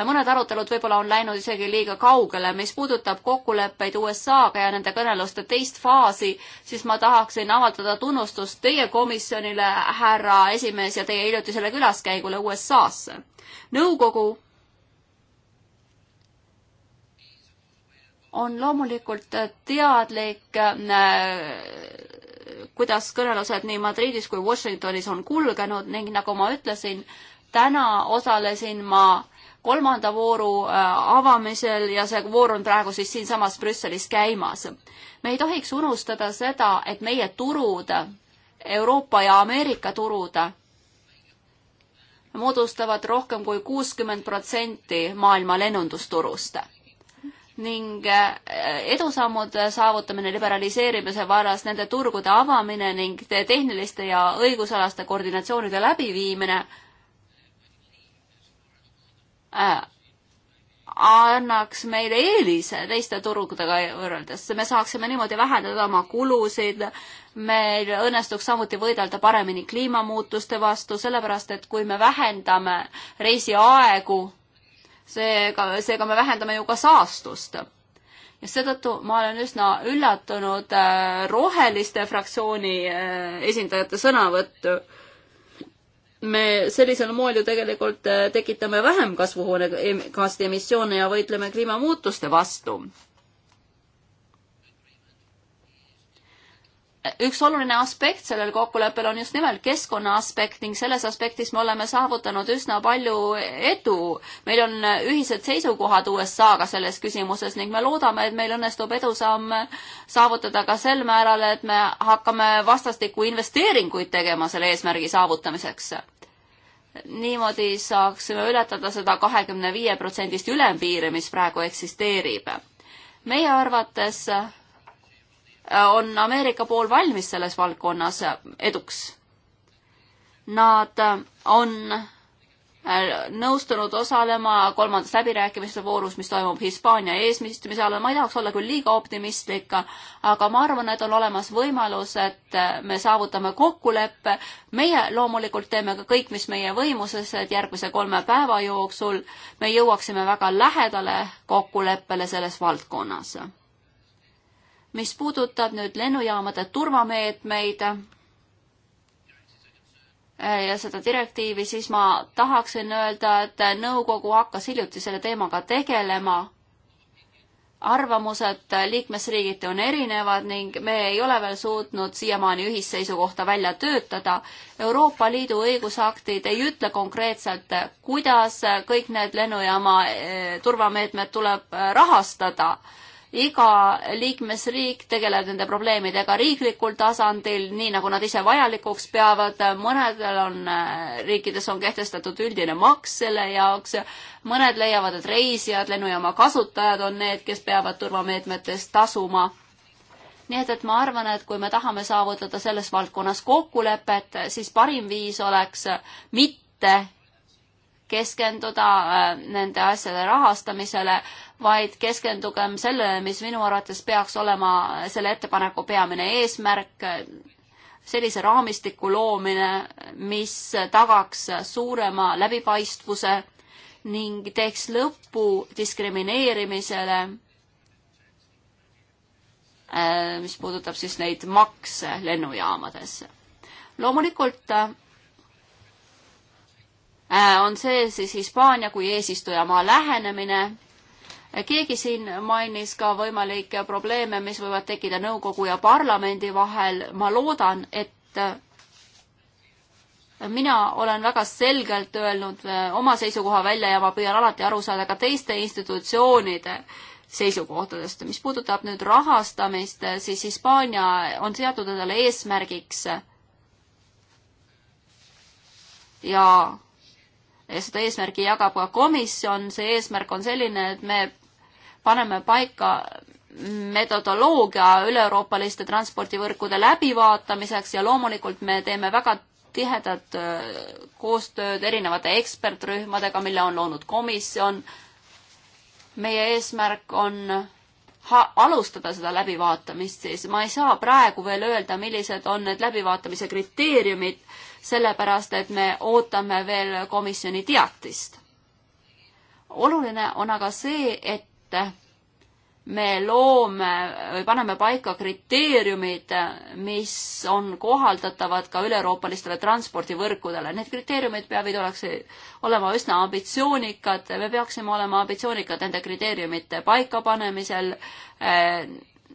mõned arutelud võib-olla on läinud isegi liiga kaugele, mis puudutab kokkuleppeid USA-ga ja nende kõneluste teist faasi, siis ma tahaksin avaldada tunnustust teie komisjonile, härra esimees, ja teie hiljutisele külaskäigule USA-sse. nõukogu on loomulikult teadlik, äh, kuidas kõnelused nii Madridis kui Washingtonis on kulgenud ning nagu ma ütlesin, täna osalesin ma kolmanda vooru äh, avamisel ja see voor on praegu siis siinsamas Brüsselis käimas. me ei tohiks unustada seda, et meie turud, Euroopa ja Ameerika turud, moodustavad rohkem kui kuuskümmend protsenti maailma lennundusturust ning äh, edusammude saavutamine liberaliseerimise vallas, nende turgude avamine ning tehniliste ja õigusalaste koordinatsioonide läbiviimine Äh, annaks meile eelise teiste turgudega võrreldes, me saaksime niimoodi vähendada oma kulusid, meil õnnestuks samuti võidelda paremini kliimamuutuste vastu, sellepärast et kui me vähendame reisiaegu, seega, seega me vähendame ju ka saastust. ja seetõttu ma olen üsna üllatunud äh, roheliste fraktsiooni äh, esindajate sõnavõttu me sellisel moel ju tegelikult äh, tekitame vähem kasvuhoonegaaside emissioone ja võitleme kliimamuutuste vastu. üks oluline aspekt sellel kokkuleppel on just nimelt keskkonna aspekt ning selles aspektis me oleme saavutanud üsna palju edu. meil on äh, ühised seisukohad USA-ga selles küsimuses ning me loodame, et meil õnnestub edusamm saavutada ka sel määral, et me hakkame vastastikku investeeringuid tegema selle eesmärgi saavutamiseks niimoodi saaksime ületada seda kahekümne viie protsendist ülempiiri, mis praegu eksisteerib. meie arvates äh, on Ameerika pool valmis selles valdkonnas eduks. Nad äh, on Äh, nõustunud osalema kolmandas läbirääkimiste voorus, mis toimub Hispaania eesmistumise all. ma ei tahaks olla küll liiga optimistlik, aga ma arvan, et on olemas võimalus, et äh, me saavutame kokkuleppe. meie loomulikult teeme ka kõik, mis meie võimuses, et järgmise kolme päeva jooksul me jõuaksime väga lähedale kokkuleppele selles valdkonnas mis puudutab nüüd lennujaamade turvameetmeid, Äh, ja seda direktiivi, siis ma tahaksin öelda, et nõukogu hakkas hiljuti selle teemaga tegelema. arvamused liikmesriigiti on erinevad ning me ei ole veel suutnud siiamaani ühisseisukohta välja töötada. Euroopa Liidu õigusaktid ei ütle konkreetselt, kuidas kõik need lennujaama äh, turvameetmed tuleb äh, rahastada iga liikmesriik tegeleb nende probleemidega riiklikul tasandil, nii nagu nad ise vajalikuks peavad, mõnedel on, äh, riikides on kehtestatud üldine maks selle jaoks, mõned leiavad, et reisijad, lennujaama kasutajad on need, kes peavad turvameetmetest tasuma. nii et, et ma arvan, et kui me tahame saavutada selles valdkonnas kokkulepet, siis parim viis oleks mitte keskenduda äh, nende asjade rahastamisele, vaid keskendugem sellele, mis minu arvates peaks olema selle ettepaneku peamine eesmärk, sellise raamistiku loomine, mis tagaks suurema läbipaistvuse ning teeks lõpu diskrimineerimisele, äh, mis puudutab siis neid makse lennujaamades. loomulikult äh, Äh, on see siis Hispaania kui eesistujamaa lähenemine. Äh, keegi siin mainis ka võimalikke probleeme, mis võivad tekkida nõukogu ja parlamendi vahel. ma loodan, et äh, mina olen väga selgelt öelnud oma seisukoha välja ja ma püüan alati aru saada ka teiste institutsioonide seisukohtadest. mis puudutab nüüd rahastamist, siis Hispaania on seadnud endale eesmärgiks ja seda eesmärgi jagab ka komisjon, see eesmärk on selline, et me paneme paika metodoloogia üle-euroopaliste transpordivõrkude läbivaatamiseks ja loomulikult me teeme väga tihedat äh, koostööd erinevate ekspertrühmadega, mille on loonud komisjon. meie eesmärk on alustada seda läbivaatamist, siis ma ei saa praegu veel öelda, millised on need läbivaatamise kriteeriumid, sellepärast et me ootame veel komisjoni teatist. oluline on aga see, et me loome või paneme paika kriteeriumid, mis on kohaldatavad ka üleeuroopalistele transpordivõrkudele. Need kriteeriumid peavad oleks, olema üsna ambitsioonikad, me peaksime olema ambitsioonikad nende kriteeriumite paikapanemisel. Eh,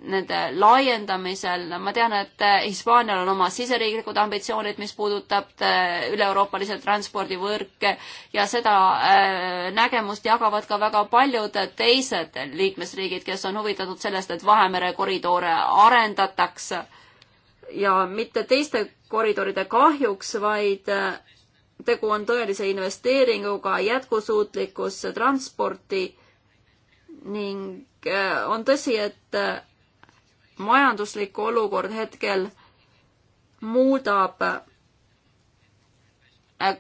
nende laiendamisel, ma tean, et äh, Hispaanial on oma siseriiklikud ambitsioonid, mis puudutab äh, üle-euroopalise transpordivõrke ja seda äh, nägemust jagavad ka väga paljud teised liikmesriigid, kes on huvitatud sellest, et Vahemere koridore arendataks ja mitte teiste koridoride kahjuks, vaid tegu on tõelise investeeringuga jätkusuutlikkusse transporti ning on tõsi, et majanduslik olukord hetkel muudab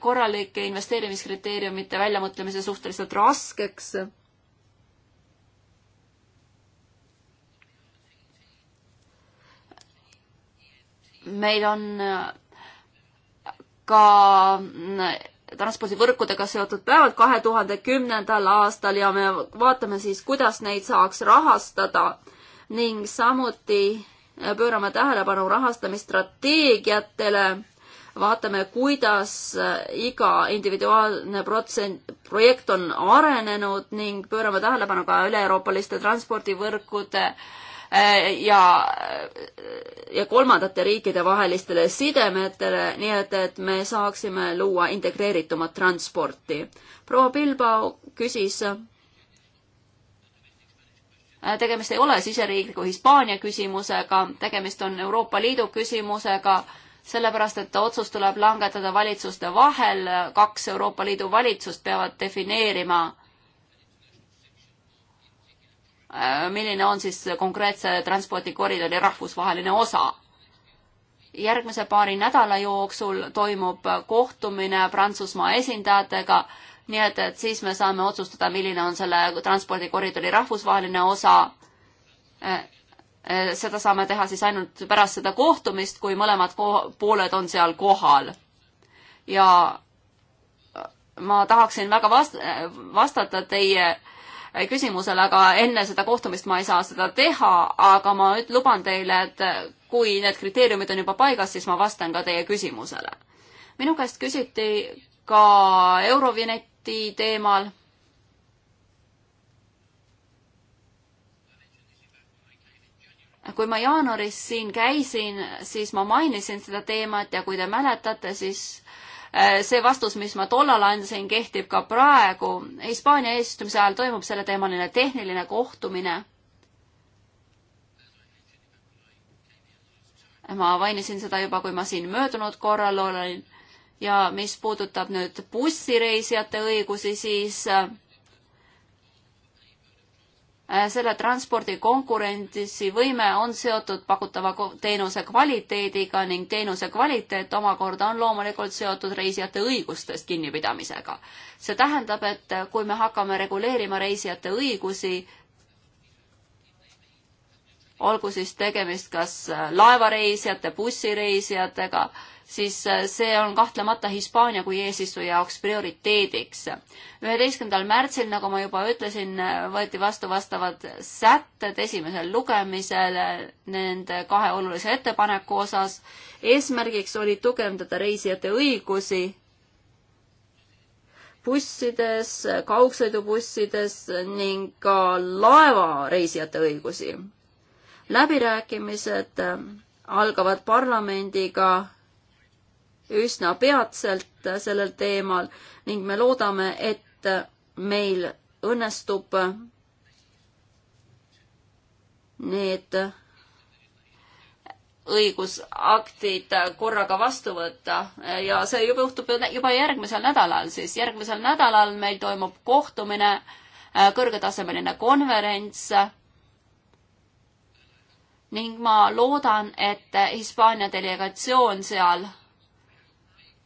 korralike investeerimiskriteeriumite väljamõtlemise suhteliselt raskeks. meil on ka transpordivõrkudega seotud päevad kahe tuhande kümnendal aastal ja me vaatame siis, kuidas neid saaks rahastada ning samuti äh, pöörame tähelepanu rahastamisstrateegiatele, vaatame, kuidas äh, iga individuaalne protsent, projekt on arenenud ning pöörame tähelepanu ka üle-euroopaliste transpordivõrkude äh, ja, ja kolmandate riikide vahelistele sidemetele, nii et, et me saaksime luua integreeritumat transporti. proua Bilbao küsis Äh, tegemist ei ole siseriikliku Hispaania küsimusega, tegemist on Euroopa Liidu küsimusega, sellepärast et otsus tuleb langetada valitsuste vahel, kaks Euroopa Liidu valitsust peavad defineerima, äh, milline on siis konkreetse transpordikoridori rahvusvaheline osa. järgmise paari nädala jooksul toimub kohtumine Prantsusmaa esindajatega nii et, et siis me saame otsustada, milline on selle transpordikoridori rahvusvaheline osa. Äh, äh, seda saame teha siis ainult pärast seda kohtumist, kui mõlemad pooled on seal kohal. ja äh, ma tahaksin väga vast-, vastata teie küsimusele, aga enne seda kohtumist ma ei saa seda teha, aga ma nüüd luban teile, et kui need kriteeriumid on juba paigas, siis ma vastan ka teie küsimusele. minu käest küsiti ka Eurovineti raporti teemal. kui ma jaanuaris siin käisin, siis ma mainisin seda teemat ja kui te mäletate, siis äh, see vastus, mis ma tollal andsin, kehtib ka praegu. Hispaania eesistumise ajal toimub selleteemaline tehniline kohtumine ma mainisin seda juba, kui ma siin möödunud korral olin ja mis puudutab nüüd bussireisijate õigusi, siis äh, selle transpordi konkurentsivõime on seotud pakutava teenuse kvaliteediga ning teenuse kvaliteet omakorda on loomulikult seotud reisijate õigustest kinnipidamisega. see tähendab, et kui me hakkame reguleerima reisijate õigusi, olgu siis tegemist kas äh, laevareisijate, bussireisijatega, siis äh, see on kahtlemata Hispaania kui eesistuja jaoks prioriteediks. üheteistkümnendal märtsil, nagu ma juba ütlesin, võeti vastu vastavad sätted esimesel lugemisel nende kahe olulise ettepaneku osas. eesmärgiks oli tugevdada reisijate õigusi bussides, kaugsõidubussides ning ka laevareisijate õigusi. läbirääkimised algavad parlamendiga üsna peatselt sellel teemal ning me loodame, et meil õnnestub need õigusaktid korraga vastu võtta ja see juba juhtub juba järgmisel nädalal, siis järgmisel nädalal meil toimub kohtumine, äh, kõrgetasemeline konverents ning ma loodan, et Hispaania delegatsioon seal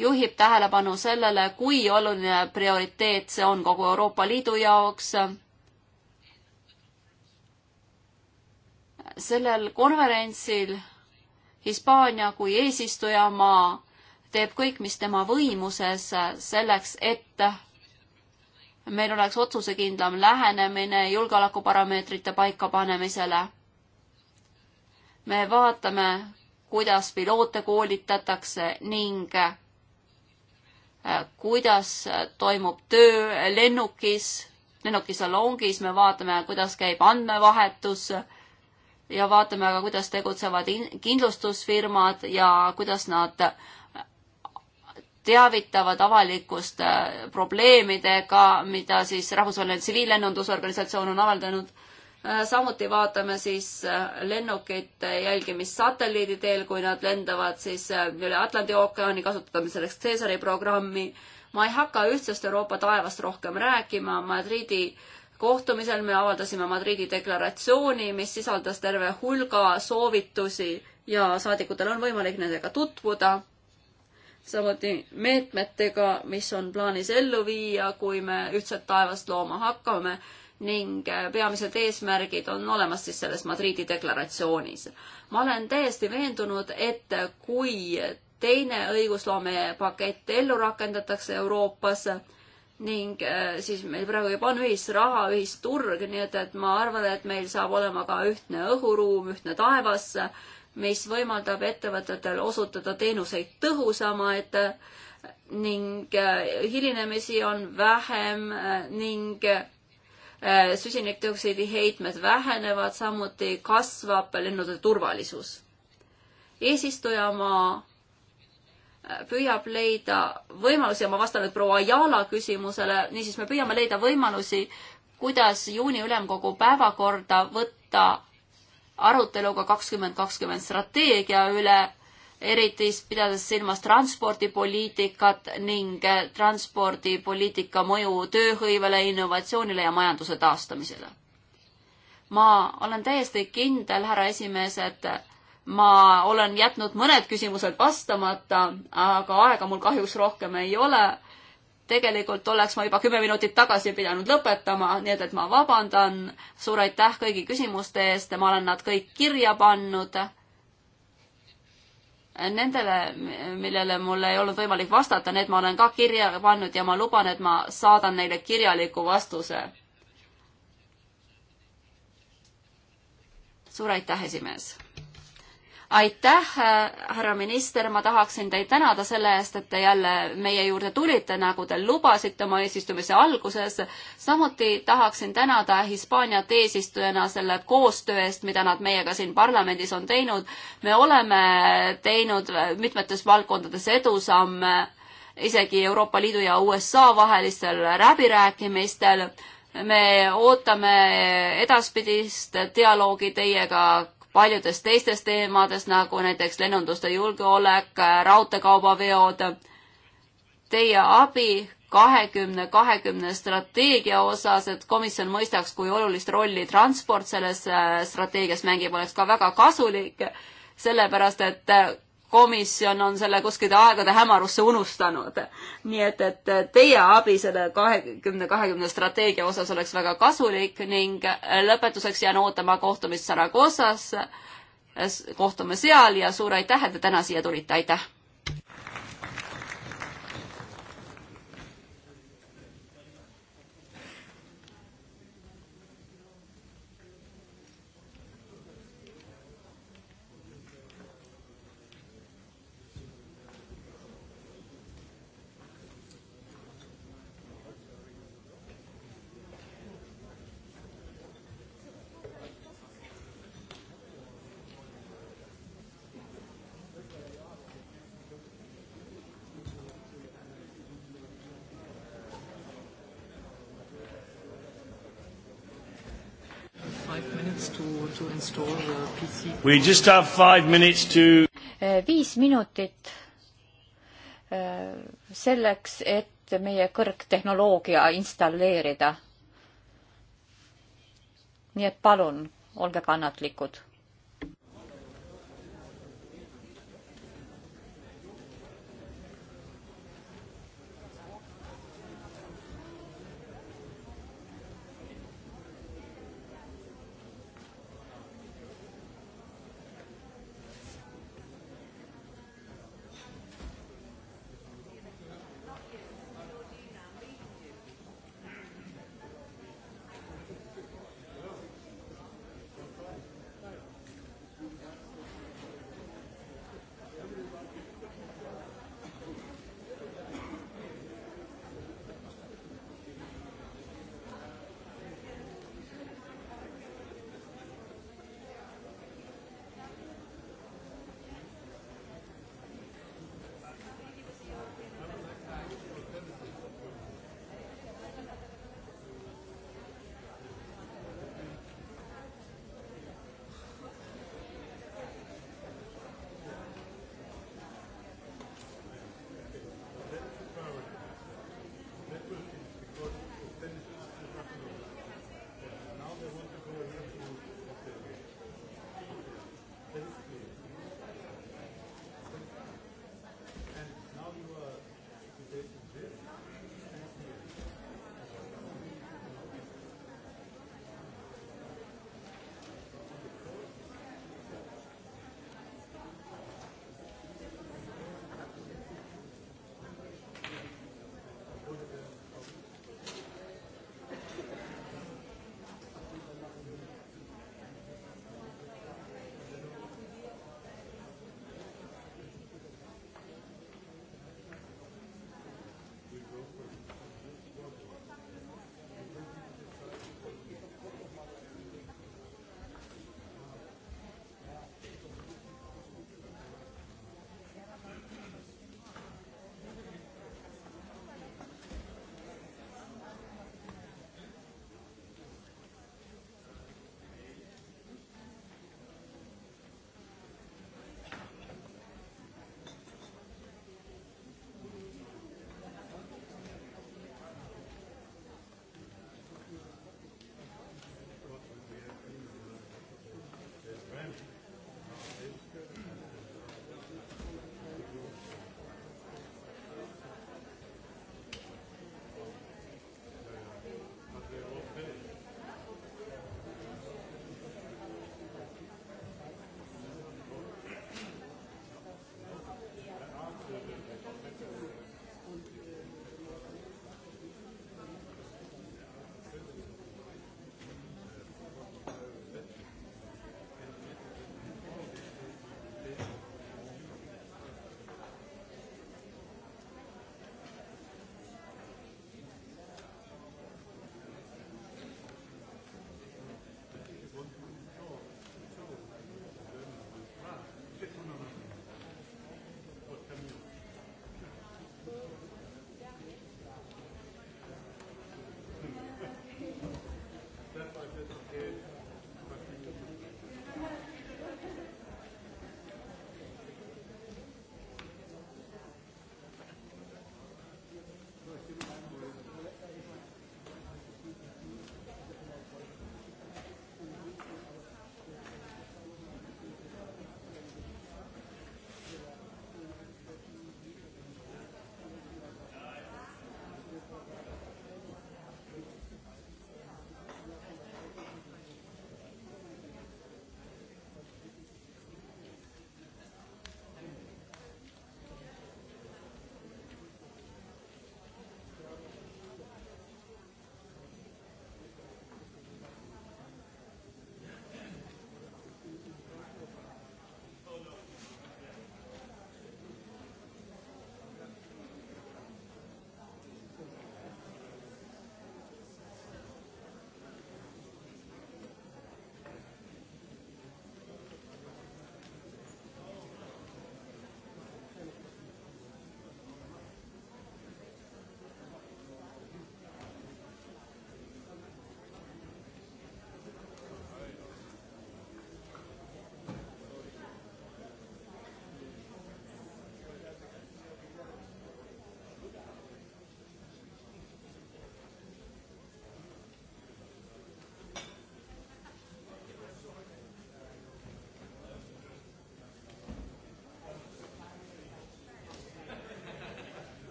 juhib tähelepanu sellele, kui oluline prioriteet see on kogu Euroopa Liidu jaoks. sellel konverentsil Hispaania kui eesistujamaa teeb kõik, mis tema võimuses selleks, et meil oleks otsusekindlam lähenemine julgeolekuparameetrite paikapanemisele. me vaatame, kuidas piloote koolitatakse ning Äh, kuidas äh, toimub töö lennukis, lennukisalongis, me vaatame, kuidas käib andmevahetus ja vaatame ka, kuidas tegutsevad kindlustusfirmad ja kuidas nad äh, teavitavad avalikkust probleemidega, mida siis Rahvusvaheline Tsiviillennundusorganisatsioon on avaldanud Äh, samuti vaatame siis äh, lennukite jälgimist satelliidi teel, kui nad lendavad siis äh, üle Atlandi ookeani, kasutame selleks Cäsari programmi. ma ei hakka ühtsest Euroopa taevast rohkem rääkima, Madridi kohtumisel me avaldasime Madridi deklaratsiooni, mis sisaldas terve hulga soovitusi ja saadikutel on võimalik nendega tutvuda. samuti meetmetega, mis on plaanis ellu viia, kui me ühtset taevast looma hakkame ning äh, peamised eesmärgid on olemas siis selles Madridi deklaratsioonis. ma olen täiesti veendunud, et kui teine õigusloome pakett ellu rakendatakse Euroopas ning äh, siis meil praegu juba on ühisraha, ühisturg, nii et, et ma arvan, et meil saab olema ka ühtne õhuruum, ühtne taevas, mis võimaldab ettevõtetel osutada teenuseid tõhusamaid äh, ning hilinemisi on vähem ning Äh, süsinikdioksiidi heitmed vähenevad, samuti kasvab lennude turvalisus. eesistujamaa äh, püüab leida võimalusi ja ma vastan nüüd proua Jaala küsimusele, niisiis me püüame leida võimalusi, kuidas juuni ülemkogu päevakorda võtta aruteluga kakskümmend kakskümmend strateegia üle eriti pidades silmas transpordipoliitikat ning eh, transpordipoliitika mõju tööhõivele, innovatsioonile ja majanduse taastamisele. ma olen täiesti kindel, härra esimees, et ma olen jätnud mõned küsimused vastamata, aga aega mul kahjuks rohkem ei ole tegelikult oleks ma juba kümme minutit tagasi pidanud lõpetama, nii et, et ma vabandan. suur aitäh kõigi küsimuste eest, ma olen nad kõik kirja pannud Nendele, millele mul ei olnud võimalik vastata, need ma olen ka kirja pannud ja ma luban, et ma saadan neile kirjaliku vastuse. suur aitäh, esimees! aitäh, härra minister, ma tahaksin teid tänada selle eest, et te jälle meie juurde tulite, nagu te lubasite oma eesistumise alguses. samuti tahaksin tänada Hispaaniat eesistujana selle koostöö eest, mida nad meiega siin parlamendis on teinud. me oleme teinud mitmetes valdkondades edusamme, isegi Euroopa Liidu ja USA vahelistel läbirääkimistel me ootame edaspidist dialoogi teiega paljudest teistest teemadest, nagu näiteks lennunduste julgeolek, raudteekaubaveod. Teie abi kahekümne, kahekümne strateegia osas, et komisjon mõistaks, kui olulist rolli transport selles äh, strateegias mängib, oleks ka väga kasulik, sellepärast et äh, komisjon on selle kuskile aegade hämarusse unustanud. nii et, et teie abi selle kahekümne, kahekümne strateegia osas oleks väga kasulik ning lõpetuseks jään ootama kohtumist Saragossas. kohtume seal ja suur aitäh, et te täna siia tulite, aitäh! store your PC. We just have five minutes to eh, viis minutit eh, selleks, et meie kõrgtehnoloogia installeerida. nii et palun, olge kannatlikud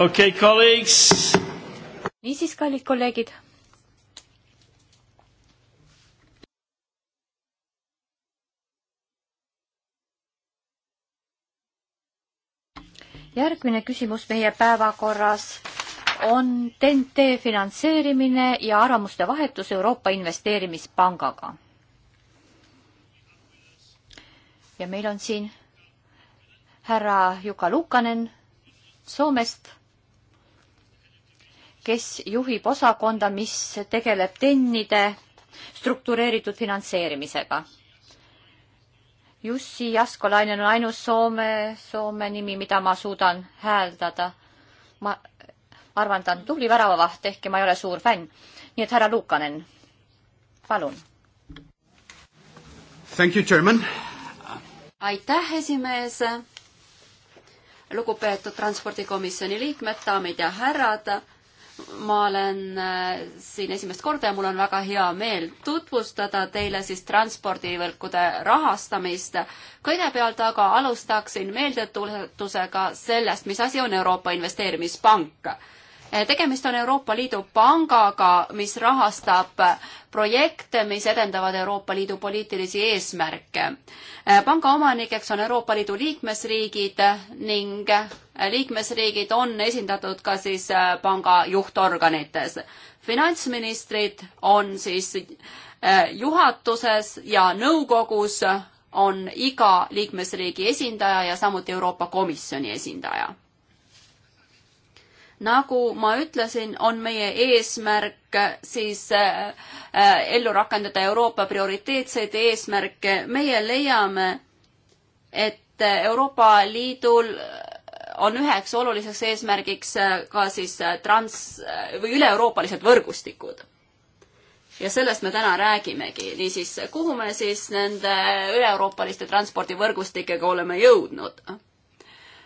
okei okay,, kolleegid. niisiis, kallid kolleegid. järgmine küsimus meie päevakorras on TNT finantseerimine ja arvamuste vahetus Euroopa Investeerimispangaga. ja meil on siin härra Juka Lukanen Soomest kes juhib osakonda, mis tegeleb TEN-ide struktureeritud finantseerimisega. Jussi Jaskolainen on ainus Soome, Soome nimi, mida ma suudan hääldada. ma arvan, ta on tubli väravavaht, ehkki ma ei ole suur fänn. nii et härra Lukanen, palun. aitäh, esimees lugupeetud transpordikomisjoni liikmed, daamid ja härrad, ma olen äh, siin esimest korda ja mul on väga hea meel tutvustada teile siis transpordivõrkude rahastamist. kõigepealt aga alustaksin meeldetuletusega sellest, mis asi on Euroopa Investeerimispank tegemist on Euroopa Liidu pangaga, mis rahastab projekte, mis edendavad Euroopa Liidu poliitilisi eesmärke. panga omanikeks on Euroopa Liidu liikmesriigid ning liikmesriigid on esindatud ka siis äh, panga juhtorganites. finantsministrid on siis äh, juhatuses ja nõukogus on iga liikmesriigi esindaja ja samuti Euroopa Komisjoni esindaja nagu ma ütlesin, on meie eesmärk siis äh, äh, ellu rakendada Euroopa prioriteetseid eesmärke. meie leiame, et Euroopa Liidul on üheks oluliseks eesmärgiks äh, ka siis trans- või üle-euroopalised võrgustikud. ja sellest me täna räägimegi. niisiis, kuhu me siis nende üle-euroopaliste transpordivõrgustikega oleme jõudnud?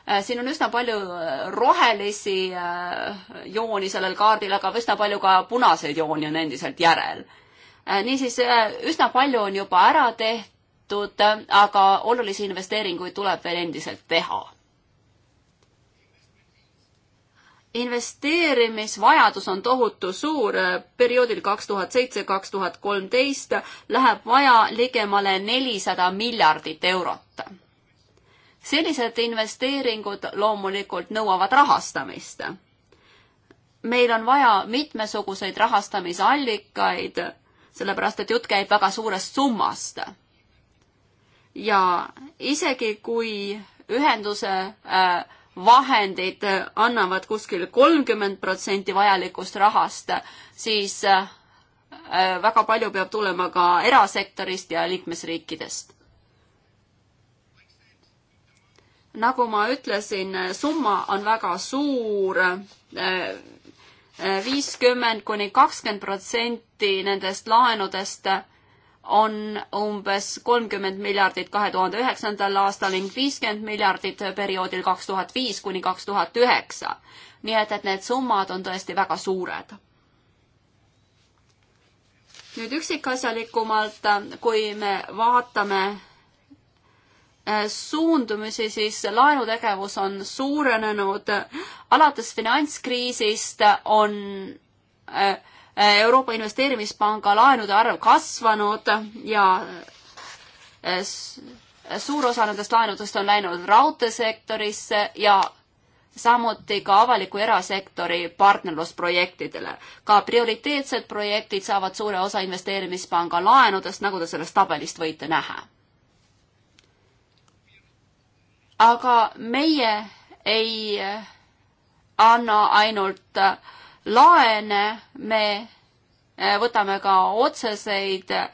Äh, siin on üsna palju äh, rohelisi äh, jooni sellel kaardil, aga üsna palju ka punaseid jooni on endiselt järel. niisiis üsna palju on juba ära tehtud, aga olulisi investeeringuid tuleb veel endiselt teha. investeerimisvajadus on tohutu suur, perioodil kaks tuhat seitse, kaks tuhat kolmteist läheb vaja ligemale nelisada miljardit eurot sellised investeeringud loomulikult nõuavad rahastamist. meil on vaja mitmesuguseid rahastamisallikaid, sellepärast et jutt käib väga suurest summast. ja isegi, kui ühenduse äh, vahendid annavad kuskil kolmkümmend protsenti vajalikust rahast, siis äh, äh, väga palju peab tulema ka erasektorist ja liikmesriikidest nagu ma ütlesin, summa on väga suur, viiskümmend kuni kakskümmend protsenti nendest laenudest on umbes kolmkümmend miljardit kahe tuhande üheksandal aastal ning viiskümmend miljardit perioodil kaks tuhat viis kuni kaks tuhat üheksa. nii et, et need summad on tõesti väga suured. nüüd üksikasjalikumalt, kui me vaatame Äh, suundumisi, siis laenutegevus on suurenenud. alates finantskriisist on äh, äh, Euroopa Investeerimispanga laenude arv kasvanud ja suur osa nendest laenudest on läinud raudteesektorisse ja samuti ka avaliku erasektori partnerlusprojektidele. ka prioriteetsed projektid saavad suure osa investeerimispanga laenudest, nagu te sellest tabelist võite näha aga meie ei anna ainult laene, me eh, võtame ka otseseid eh,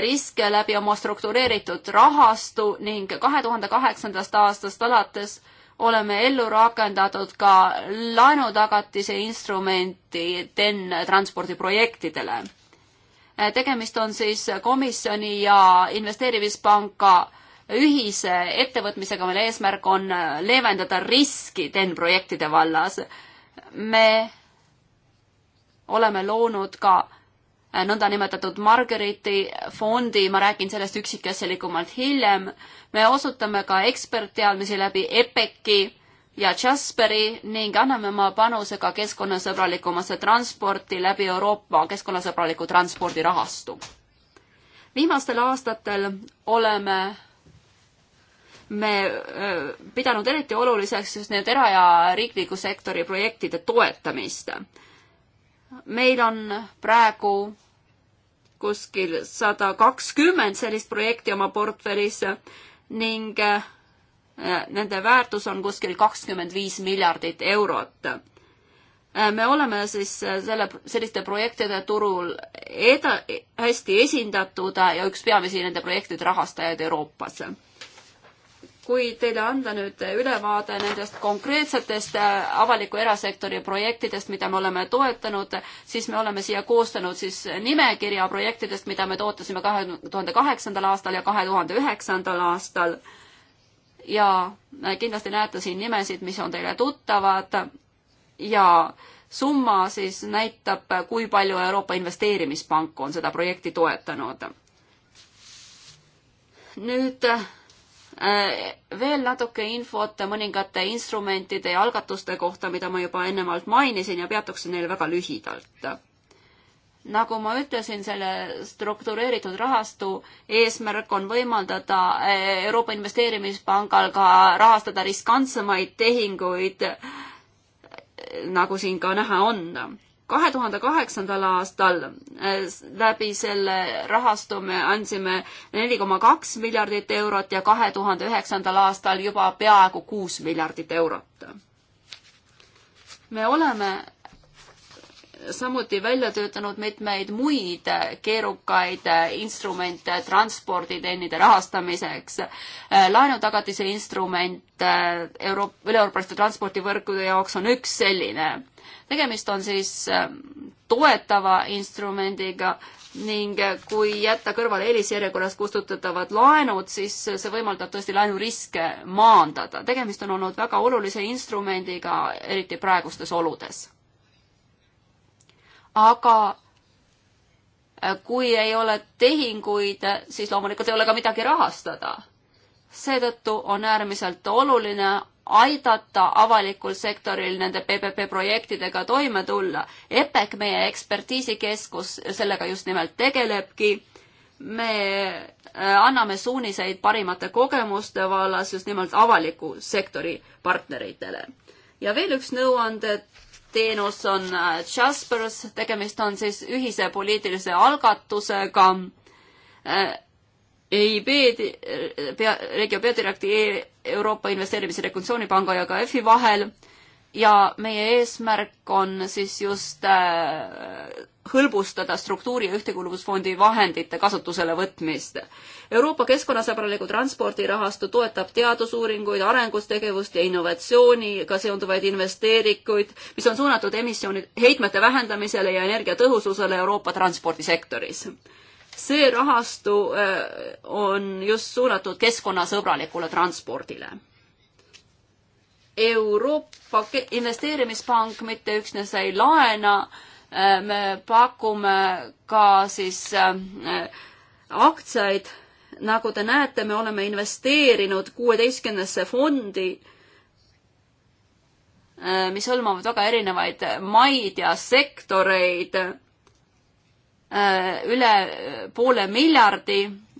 riske läbi oma struktureeritud rahastu ning kahe tuhande kaheksandast aastast alates oleme ellu rakendatud ka laenutagatise instrumenti TEN transpordiprojektidele. Eh, tegemist on siis komisjoni ja investeerimispanka ühise ettevõtmisega, mille eesmärk on äh, leevendada riski TEN-projektide vallas. me oleme loonud ka äh, nõndanimetatud Margeriti fondi, ma räägin sellest üksikasjalikumalt hiljem. me osutame ka ekspertteadmisi läbi EPEC-i ja Jasperi ning anname oma panuse ka keskkonnasõbralikumasse transporti läbi Euroopa keskkonnasõbraliku transpordirahastu. viimastel aastatel oleme me pidanud eriti oluliseks just need era- ja riikliku sektori projektide toetamist. meil on praegu kuskil sada kakskümmend sellist projekti oma portfellis ning nende väärtus on kuskil kakskümmend viis miljardit eurot me oleme siis selle, selliste projektide turul eda-, hästi esindatud ja üks peamisi nende projektide rahastajaid Euroopas kui teile anda nüüd ülevaade nendest konkreetsetest äh, avaliku erasektori projektidest, mida me oleme toetanud, siis me oleme siia koostanud siis nimekirja projektidest, mida me tootasime kahe tuhande kaheksandal aastal ja kahe tuhande üheksandal aastal. ja äh, kindlasti näete siin nimesid, mis on teile tuttavad ja summa siis näitab, kui palju Euroopa Investeerimispank on seda projekti toetanud. nüüd äh, Äh, veel natuke infot mõningate instrumentide ja algatuste kohta, mida ma juba ennemalt mainisin ja peatuksin neil väga lühidalt. nagu ma ütlesin, selle struktureeritud rahastu eesmärk on võimaldada äh, Euroopa Investeerimispangal ka rahastada riskantsemaid tehinguid, nagu siin ka näha on kahe tuhande kaheksandal aastal äh, läbi selle rahastu me andsime neli koma kaks miljardit eurot ja kahe tuhande üheksandal aastal juba peaaegu kuus miljardit eurot. me oleme samuti välja töötanud mitmeid muid keerukaid instrumente transporditeenide rahastamiseks, äh, laenutagatise instrument äh, Euroopa, üle-euroopaliste transpordivõrkude jaoks on üks selline tegemist on siis äh, toetava instrumendiga ning äh, kui jätta kõrvale eelisjärjekorras kustutatavad laenud, siis äh, see võimaldab tõesti laenuriske maandada. tegemist on olnud väga olulise instrumendiga, eriti praegustes oludes. aga kui ei ole tehinguid, siis loomulikult ei ole ka midagi rahastada. seetõttu on äärmiselt oluline aidata avalikul sektoril nende PPP projektidega toime tulla. EPEC, meie ekspertiisikeskus, sellega just nimelt tegelebki. me äh, anname suuniseid parimate kogemuste vallas just nimelt avaliku sektori partneritele. ja veel üks nõuande, teenus on äh, Jaspers, tegemist on siis ühise poliitilise algatusega äh, EIB, pea, regio peadirekti e Euroopa Investeerimise Rekonstruktsioonipanga ja ka EFI vahel ja meie eesmärk on siis just äh, hõlbustada struktuuri- ja ühtekuuluvusfondi vahendite kasutusele võtmist. Euroopa keskkonnasõbraliku transpordirahastu toetab teadusuuringuid, arengustegevust ja innovatsiooniga seonduvaid investeeringuid, mis on suunatud emissiooni, heitmete vähendamisele ja energiatõhususele Euroopa transpordisektoris see rahastu äh, on just suunatud keskkonnasõbralikule transpordile. Euroopa Investeerimispank mitte üksnes ei laena, äh, me pakume ka siis äh, aktsiaid, nagu te näete, me oleme investeerinud kuueteistkümnesse fondi, mis hõlmavad väga erinevaid maid ja sektoreid Äh, üle poole miljardi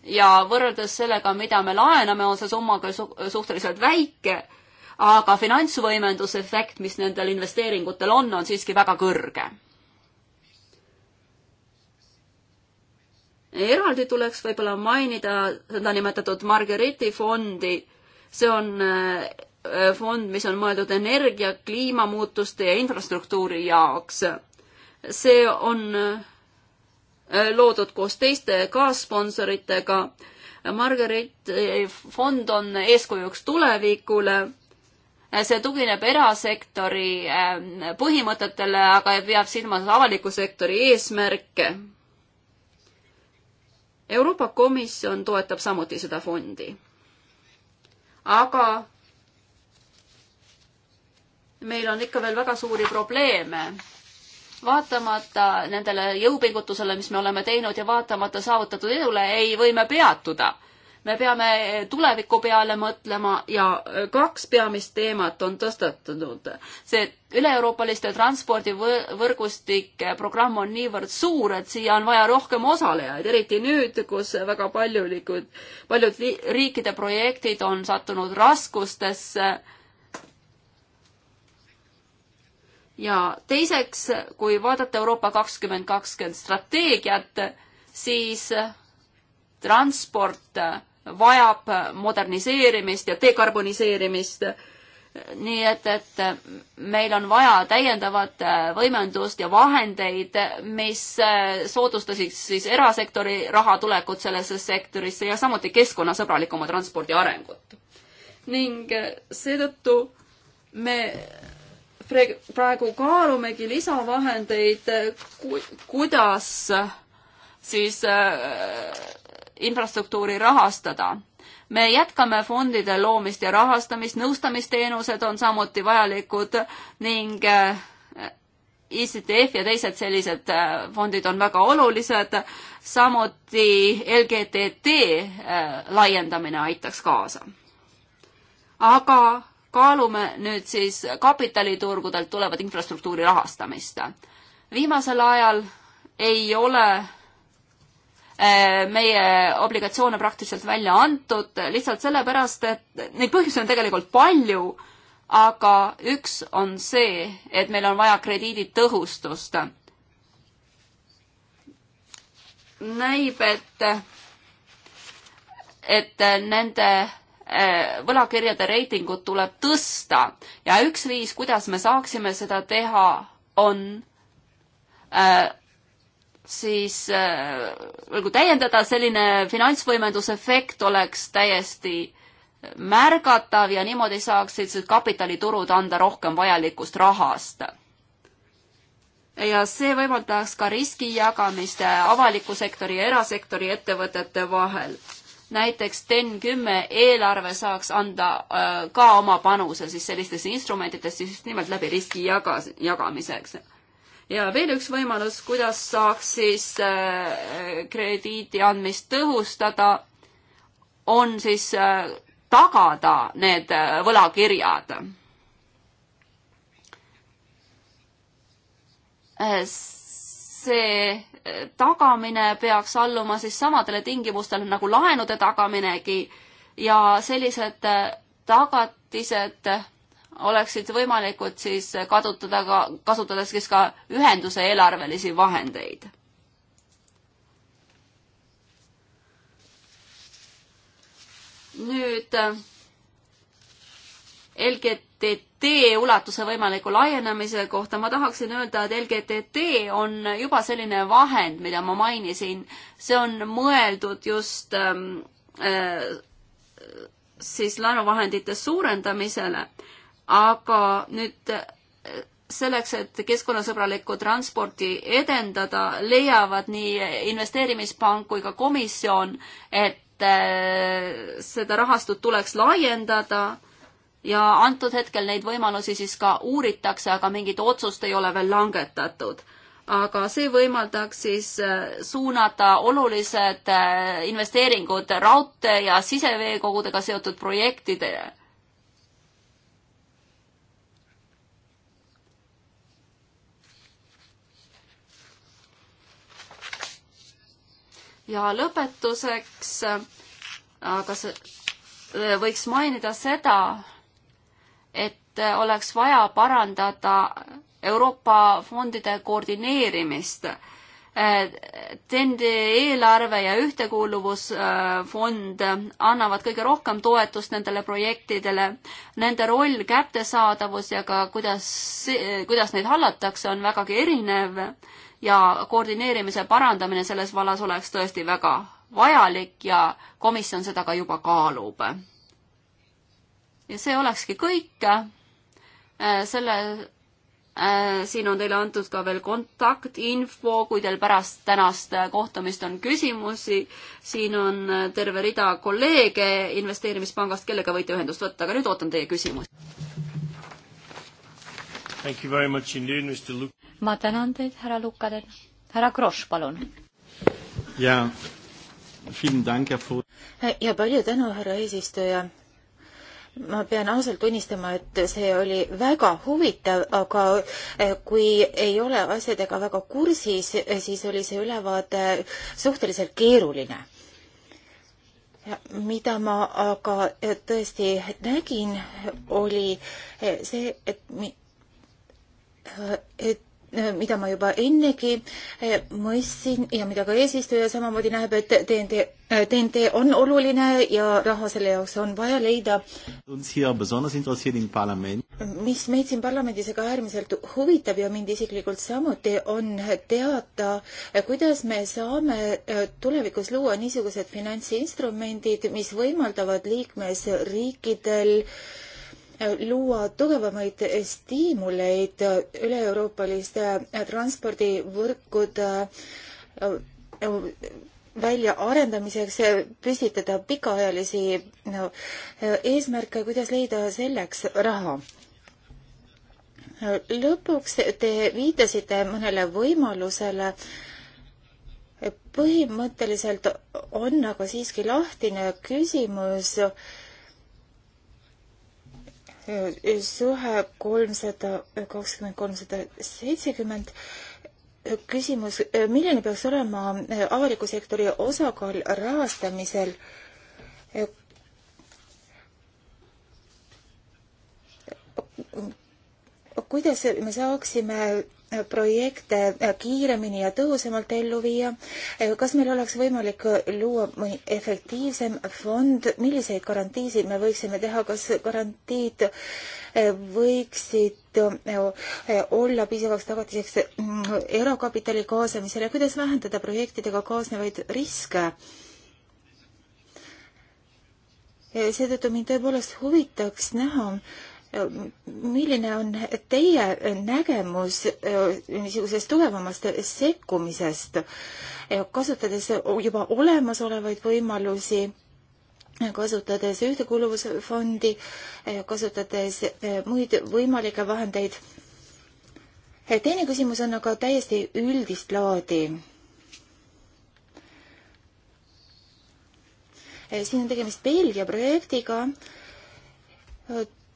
ja võrreldes sellega, mida me laename, on see summa küll su suhteliselt väike, aga finantsvõimendusefekt, mis nendel investeeringutel on, on siiski väga kõrge. eraldi tuleks võib-olla mainida nõndanimetatud Margeriti fondi, see on äh, fond, mis on mõeldud energia, kliimamuutuste ja infrastruktuuri jaoks. see on äh, Äh, loodud koos teiste kaassponsoritega. Margaret äh, fond on eeskujuks tulevikule. Äh, see tugineb erasektori põhimõtetele, aga peab silmas avaliku sektori eesmärke. Euroopa Komisjon toetab samuti seda fondi. aga meil on ikka veel väga suuri probleeme vaatamata nendele jõupingutusele, mis me oleme teinud ja vaatamata saavutatud edule, ei või me peatuda. me peame tuleviku peale mõtlema ja kaks peamist teemat on tõstatunud. see üle-euroopaliste transpordivõrgustik programm on niivõrd suur, et siia on vaja rohkem osalejaid, eriti nüüd, kus väga paljulikud, paljud riikide projektid on sattunud raskustesse ja teiseks, kui vaadata Euroopa kakskümmend kakskümmend strateegiat, siis transport vajab moderniseerimist ja dekarboniseerimist. nii et, et meil on vaja täiendavat võimendust ja vahendeid, mis soodustasid siis erasektori raha tulekut sellesse sektorisse ja samuti keskkonnasõbralikuma transpordi arengut. ning seetõttu me praegu kaalumegi lisavahendeid, kuidas siis äh, infrastruktuuri rahastada. me jätkame fondide loomist ja rahastamist, nõustamisteenused on samuti vajalikud ning ICTF äh, e ja teised sellised äh, fondid on väga olulised, samuti LGTT laiendamine aitaks kaasa. aga kaalume nüüd siis kapitaliturgudelt tulevat infrastruktuuri rahastamist. viimasel ajal ei ole äh, meie obligatsioone praktiliselt välja antud, lihtsalt sellepärast, et neid põhjusi on tegelikult palju, aga üks on see, et meil on vaja krediiditõhustust. näib, et, et nende Äh, võlakirjade reitingut tuleb tõsta ja üks viis, kuidas me saaksime seda teha, on äh, siis äh, nagu täiendada, selline finantsvõimendusefekt oleks täiesti märgatav ja niimoodi saaksid siis kapitaliturud anda rohkem vajalikust rahast. ja see võimaldaks ka riski jagamist avaliku sektori ja erasektori ettevõtete vahel näiteks TEN kümme eelarve saaks anda äh, ka oma panuse siis sellistesse instrumentidesse just nimelt läbi riski jaga, jagamiseks. ja veel üks võimalus, kuidas saaks siis äh, krediidi andmist tõhustada, on siis äh, tagada need võlakirjad S see eh, tagamine peaks alluma siis samadele tingimustele nagu laenude tagaminegi ja sellised eh, tagatised oleksid võimalikud siis kadutada ka, kasutades siis ka ühenduse eelarvelisi vahendeid. nüüd eh, LGT tee ulatuse võimaliku laienemise kohta ma tahaksin öelda, et LGTT on juba selline vahend, mida ma mainisin, see on mõeldud just ähm, äh, siis laenuvahendite suurendamisele, aga nüüd äh, selleks, et keskkonnasõbralikku transporti edendada, leiavad nii investeerimispank kui ka komisjon, et äh, seda rahastut tuleks laiendada ja antud hetkel neid võimalusi siis ka uuritakse, aga mingit otsust ei ole veel langetatud. aga see võimaldaks siis äh, suunata olulised äh, investeeringud raudtee ja siseveekogudega seotud projektidele ja lõpetuseks, äh, aga see, võiks mainida seda, et oleks vaja parandada Euroopa fondide koordineerimist. TEN-i eelarve ja ühtekuuluvusfond annavad kõige rohkem toetust nendele projektidele. Nende roll, kättesaadavus ja ka kuidas, kuidas neid hallatakse, on vägagi erinev ja koordineerimise parandamine selles vallas oleks tõesti väga vajalik ja komisjon seda ka juba kaalub ja see olekski kõik. Äh, selle, äh, siin on teile antud ka veel kontaktinfo, kui teil pärast tänast kohtumist on küsimusi. siin on äh, terve rida kolleege investeerimispangast, kellega võite ühendust võtta, aga nüüd ootan teie küsimusi. ma tänan teid, härra Lukaden. härra Kross, palun. jaa, ja palju tänu, härra eesistuja ma pean ausalt tunnistama, et see oli väga huvitav, aga eh, kui ei ole asjadega väga kursis, eh, siis oli see ülevaade suhteliselt keeruline. mida ma aga eh, tõesti nägin, oli see, et, et Äh, mida ma juba ennegi äh, mõistsin ja mida ka eesistuja samamoodi näeb, et TNT, TNT äh, on oluline ja raha selle jaoks on vaja leida. mis meid siin parlamendis aga äärmiselt huvitab ja mind isiklikult samuti, on teada, kuidas me saame tulevikus luua niisugused finantsinstrumendid, mis võimaldavad liikmesriikidel äh, luua tugevamaid stiimuleid üle-euroopaliste transpordivõrkude äh, väljaarendamiseks püstitada pikaajalisi no, eesmärke, kuidas leida selleks raha? lõpuks te viitasite mõnele võimalusele, põhimõtteliselt on aga siiski lahtine küsimus äh, suhe kolmsada kakskümmend, kolmsada seitsekümmend. küsimus, milline peaks olema avaliku sektori osakaal rahastamisel? kuidas me saaksime projekte kiiremini ja tõhusamalt ellu viia. kas meil oleks võimalik luua mõni efektiivsem fond, milliseid garantiisid me võiksime teha, kas garantiid võiksid olla piisavaks tagatiseks erakapitali kaasamisele, kuidas vähendada projektidega kaasnevaid riske? seetõttu mind tõepoolest huvitaks näha, milline on teie nägemus äh, niisugusest tugevamast sekkumisest, äh, kasutades juba olemasolevaid võimalusi, äh, kasutades ühtekuuluvusfondi, kasutades muid võimalikke vahendeid? teine küsimus on aga täiesti üldist laadi siin on tegemist Belgia projektiga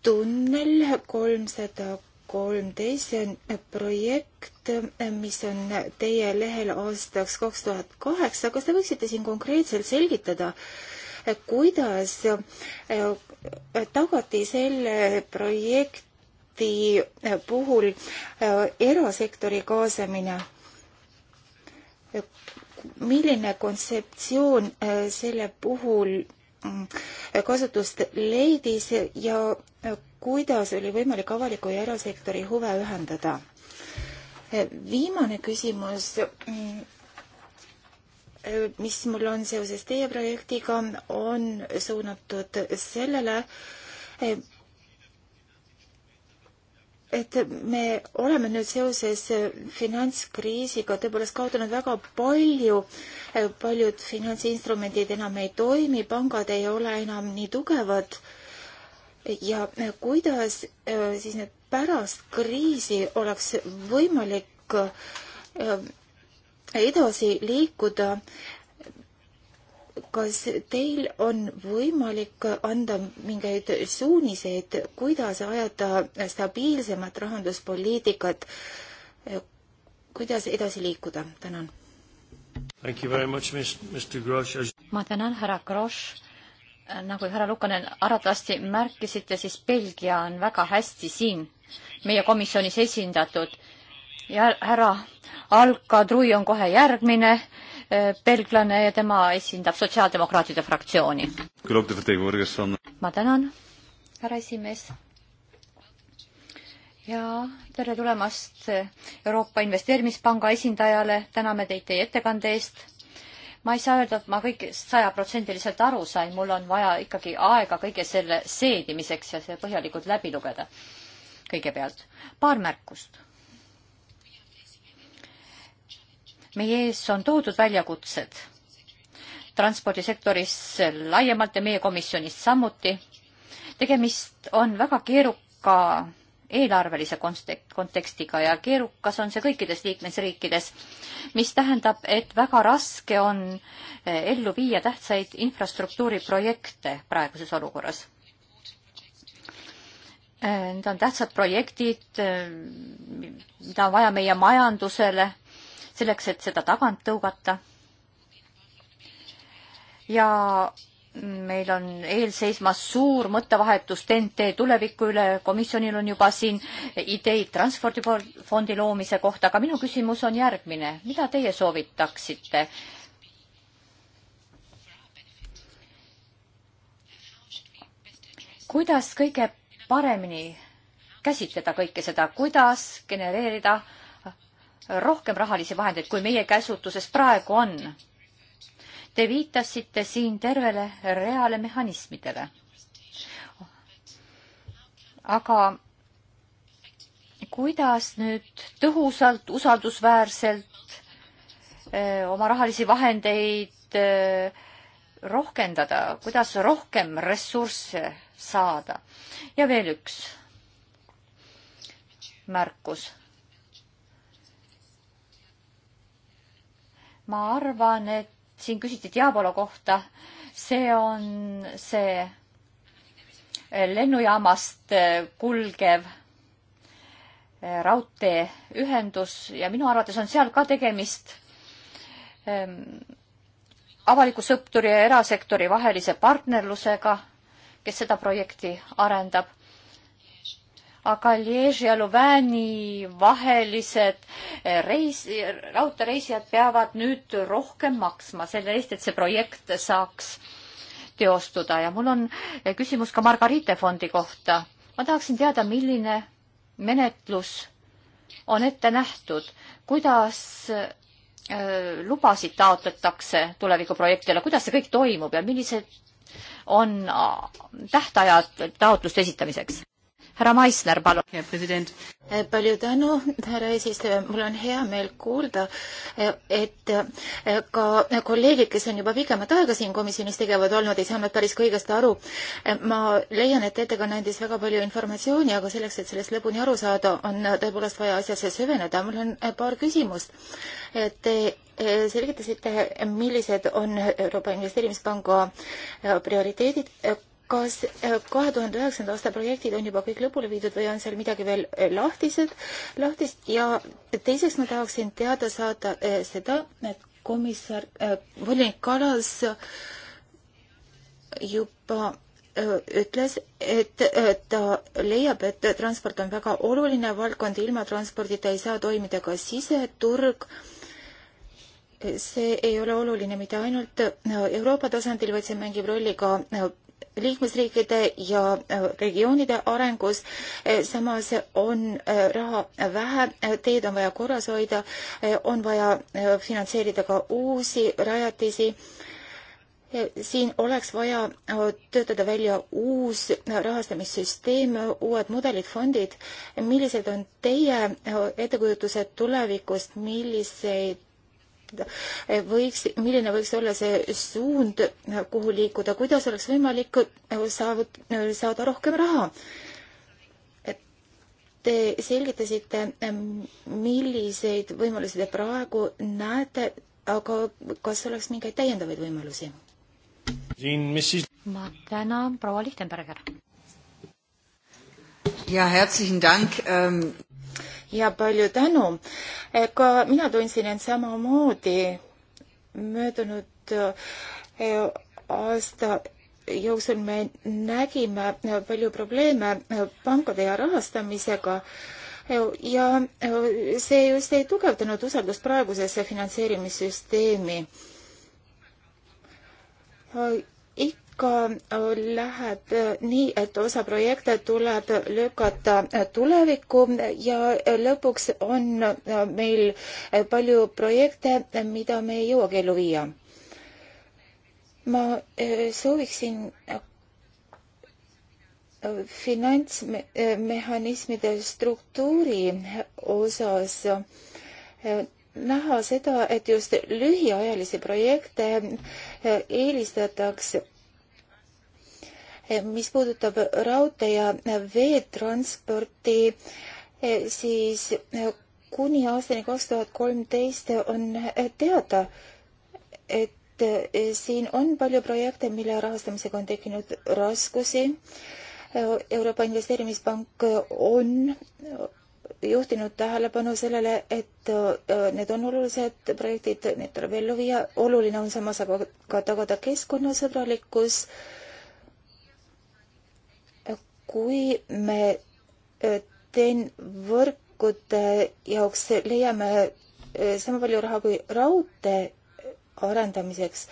tunnel kolmsada kolmteist, see on projekt, mis on teie lehel aastaks kaks tuhat kaheksa. kas te võiksite siin konkreetselt selgitada, kuidas tagati selle projekti puhul erasektori kaasamine? milline kontseptsioon selle puhul Mm, kasutust leidis ja kuidas oli võimalik avaliku ja erasektori huve ühendada? viimane küsimus, mm, mis mul on seoses teie projektiga, on suunatud sellele, et me oleme nüüd seoses finantskriisiga tõepoolest kaotanud väga palju, paljud finantsinstrumendid enam ei toimi, pangad ei ole enam nii tugevad. ja kuidas äh, siis nüüd pärast kriisi oleks võimalik äh, edasi liikuda kas teil on võimalik anda mingeid suuniseid, kuidas ajada stabiilsemat rahanduspoliitikat, kuidas edasi liikuda, tänan. ma tänan, härra Grosch. nagu härra Lukanen arvatavasti märkisite, siis Belgia on väga hästi siin meie komisjonis esindatud ja härra Alka Trui on kohe järgmine belglane ja tema esindab Sotsiaaldemokraatide fraktsiooni. ma tänan, härra esimees. ja tere tulemast Euroopa Investeerimispanga esindajale, täname teid teie ettekande eest. ma ei saa öelda, et ma kõigest sajaprotsendiliselt aru sain, mul on vaja ikkagi aega kõige selle seedimiseks ja see põhjalikult läbi lugeda kõigepealt paar märkust meie ees on toodud väljakutsed transpordisektoris laiemalt ja meie komisjonis samuti. tegemist on väga keeruka eelarvelise kontekstiga ja keerukas on see kõikides liikmesriikides, mis tähendab, et väga raske on eh, ellu viia tähtsaid infrastruktuuriprojekte praeguses olukorras. Eh, need on tähtsad projektid, eh, mida on vaja meie majandusele selleks, et seda tagant tõugata. ja meil on eelseismas suur mõttevahetus TNT tuleviku üle, komisjonil on juba siin ideid transpordifondi loomise kohta, aga minu küsimus on järgmine, mida teie soovitaksite? kuidas kõige paremini käsitleda kõike seda, kuidas genereerida äh, rohkem rahalisi vahendeid, kui meie käsutuses praegu on. Te viitasite siin tervele reale mehhanismidele. aga kuidas nüüd tõhusalt, usaldusväärselt öö, eh, oma rahalisi vahendeid öö, eh, rohkendada, kuidas rohkem ressursse saada? ja veel üks märkus ma arvan, et siin küsiti Diabolo kohta. see on see lennujaamast eh, kulgev eh, raudteeühendus ja minu arvates on seal ka tegemist ehm, avaliku sõpturi ja erasektori vahelise partnerlusega, kes seda projekti arendab aga Lieži ja Luvääni vahelised eh, reis, raudteereisijad peavad nüüd rohkem maksma selle eest, et see projekt saaks teostuda ja mul on eh, küsimus ka Margarite fondi kohta. ma tahaksin teada, milline menetlus on ette nähtud, kuidas eh, lubasid taotletakse tulevikuprojektile, kuidas see kõik toimub ja millised on tähtajad taotluste esitamiseks? härra Maisler, palun. Äh, palju tänu, härra eesistuja, mul on hea meel kuulda, äh, et äh, ka kolleegid, kes on juba pikemat aega siin komisjonis tegevad olnud, ei saanud päris kõigest aru. ma leian, et ettekanne andis väga palju informatsiooni, aga selleks, et sellest lõpuni aru saada, on tõepoolest vaja asjasse süveneda. mul on paar küsimust. Te selgitasite, millised on Euroopa Investeerimispanga prioriteedid kas äh, kahe tuhande üheksanda aasta projektid on juba kõik lõpule viidud või on seal midagi veel äh, lahtised, lahtist ja teiseks ma tahaksin teada saada äh, seda, et komissar äh,, volinik Kalas juba äh, ütles, et äh, ta leiab, et transport on väga oluline valdkond, ilma transpordita ei saa toimida ka siseturg see ei ole oluline mitte ainult Euroopa tasandil, vaid see mängib rolli ka liikmesriikide ja äh, regioonide arengus. Äh, samas on äh, raha vähe, teed on vaja korras hoida, on vaja finantseerida ka uusi rajatisi. siin oleks vaja töötada välja uus rahastamissüsteem, uued mudelid, fondid. millised on teie ettekujutused tulevikust, milliseid võiks, milline võiks olla see suund, kuhu liikuda, kuidas oleks võimalik äh, saavut-, äh, saada rohkem raha? Te selgitasite, ähm, milliseid võimalusi te praegu näete, aga kas oleks mingeid täiendavaid võimalusi? ma tänan, proua Lichtenberger. ja herzlichen Dank ähm ja palju tänu. ka mina tundsin end samamoodi möödunud äh, aasta jooksul me nägime palju probleeme pankade ja rahastamisega ja see just ei tugevdanud usaldust praegusesse finantseerimissüsteemi ka äh, läheb äh, nii, et osa projekte tuleb lükata äh, tulevikku ja lõpuks on meil palju projekte, mida me ei jõuagi ellu viia. ma sooviksin finantsmehhanismide struktuuri osas näha seda, et just lühiajalisi projekte eelistatakse mis puudutab raudtee ja veetransporti, siis kuni aastani kaks tuhat kolmteist on teada, et siin on palju projekte, mille rahastamisega on tekkinud raskusi. Euroopa Investeerimispank on juhtinud tähelepanu sellele, et need on olulised projektid, need tuleb ellu viia, oluline on samas aga ka tagada keskkonnasõbralikkus kui me teen võrkude jaoks leiame sama palju raha kui raudtee arendamiseks,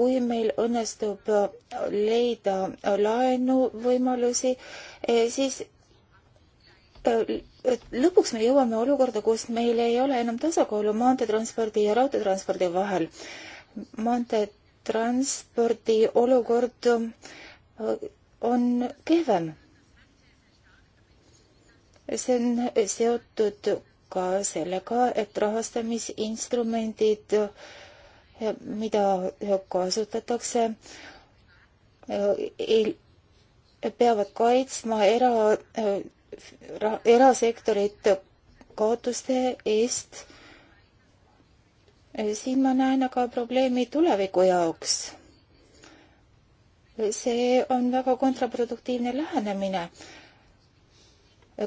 kui meil õnnestub leida laenuvõimalusi, siis lõpuks me jõuame olukorda, kus meil ei ole enam tasakaalu maanteetranspordi ja raudteetranspordi vahel. maanteed transpordi olukord äh, on kehvem. see on seotud ka sellega, et rahastamisinstrumendid, äh, mida kasutatakse, äh, peavad kaitsma era, erasektorit kaotuste eest siin ma näen aga probleemi tuleviku jaoks. see on väga kontraproduktiivne lähenemine.